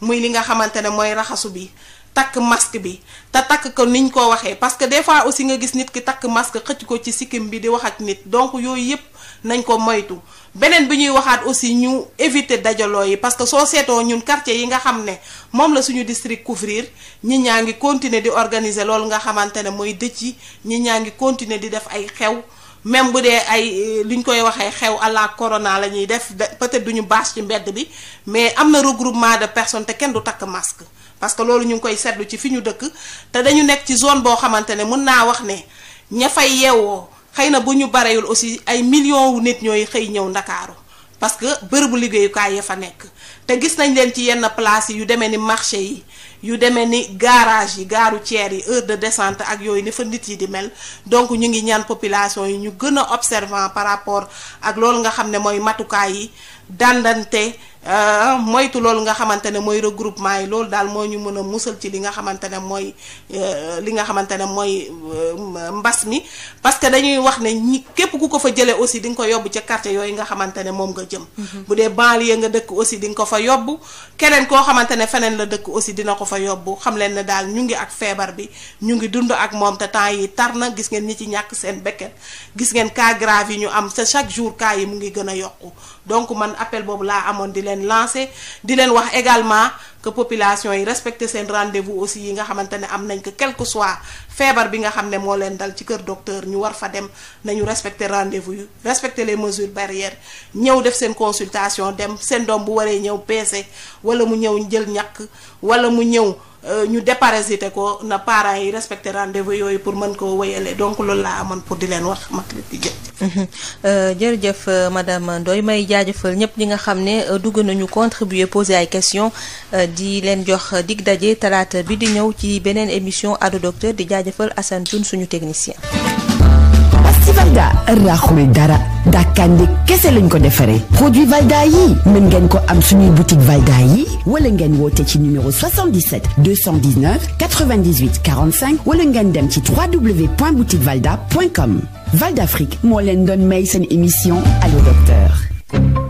muy li nga xamante ne mooy raxasu bi takk masque bi te takk ko ñu ko waxee parce que des fois aussi nga gis nit ki takk masque xëcc ko ci sikkim bi di wax ak nit donc yooyu yëpp nañ ko moytu beneen bi ñuy waxaat aussi ñu évité dajaloo yi parce que soo seetoo ñun quartier yi nga xam ne moom la suñu district couvrir ñi ñaa ngi continuer di organiser loolu nga xamante ne mooy dëcc yi ñi ñaa ngi continuer di def ay xew même bu dee ay euh, lu ñu koy waxee xew à la corona la ñuy def peut-être duñu bâche ci mbedd bi mais am na regroupement de personne te kenn du takk masque parce que loolu ñu ngi koy seetlu ci fi ñu dëkk te dañu nekk ci zone boo xamante ne mën naa wax ne ña fay yeewoo xëy na bu ñu barewul aussi ay millions wu nit ñooy xëy ñëw ndakaaru parce que bërëbu liggéeyukaay ya fa nekk te gis nañ leen ci yenn place yi yu demee ni marché yi yu demee ni garage yi gaaru ceer yi heure de descente ak yooyu ni fa nit yi di mel donc ñu ngi ñaan population yi ñu gën a observant par rapport ak loolu nga xam ne mooy matukaay yi dandante Euh, moytu loolu nga xamante ne mooy regroupement yi loolu daal moo ñu mën a musal ci li nga xamante ne mooy euh, li nga xamante ne mooy euh, mbas mi parce que dañuy wax ne ñi képp ku ko fa jëlee aussi di nga ko yóbbu ca quartier yooyu nga xamante ne moom nga jëm mm-hmm. bu dee banlieue nga dëkk aussi di nga ko fa yóbbu keneen koo xamante ne feneen la dëkk aussi dina ko fa yóbbu xam leen ne daal ñu ngi ak feebar bi ñu ngi dund ak moom te temps yi tar na gis ngeen ñi ci ñàkk seen bekket gis ngeen cas grave yi ñu am te chaque jour cas yi mu ngi gën a yokku donc man appel boobu laa amoon di leen lancé di leen wax également que population yi respecté seen rendez-vous aussi yi nga xamante ne am nañ ko quel que feebar bi nga xam ne moo leen dal ci kër docteur ñu war fa dem nañu respecté rendez-vous respecte respecté les mesures barrières ñëw def seen consultation dem seen doom bu waree ñëw peese wala mu ñëw jël ñàkk wala mu ñëw euh, ñu déparasité ko na parents yi respecte rendez yooyu pour mën koo wéyale donc loolu laa amoon pour di leen wax mag li Mhm. Euh, jërëjëf euh, madame Ndoye may jaajëfal ñëpp li nga xam ne euh, dugg nañu contribuer poser ay questions di leen jox dig daje talaata bi di ñëw ci beneen émission Allô Docteur di jaajëfal Assane Thioune suñu technicien. si Valda raaxul dara dàkkaandi kese lañ ko defaree produit Valda yi mën ngeen ko am suñuy boutique Valda yi wala ngeen woote ci numéro 77 219 98 45 wala ngeen dem ci www.boutiquevalda.com Val d'Afrique moo leen doon may seen émission Allô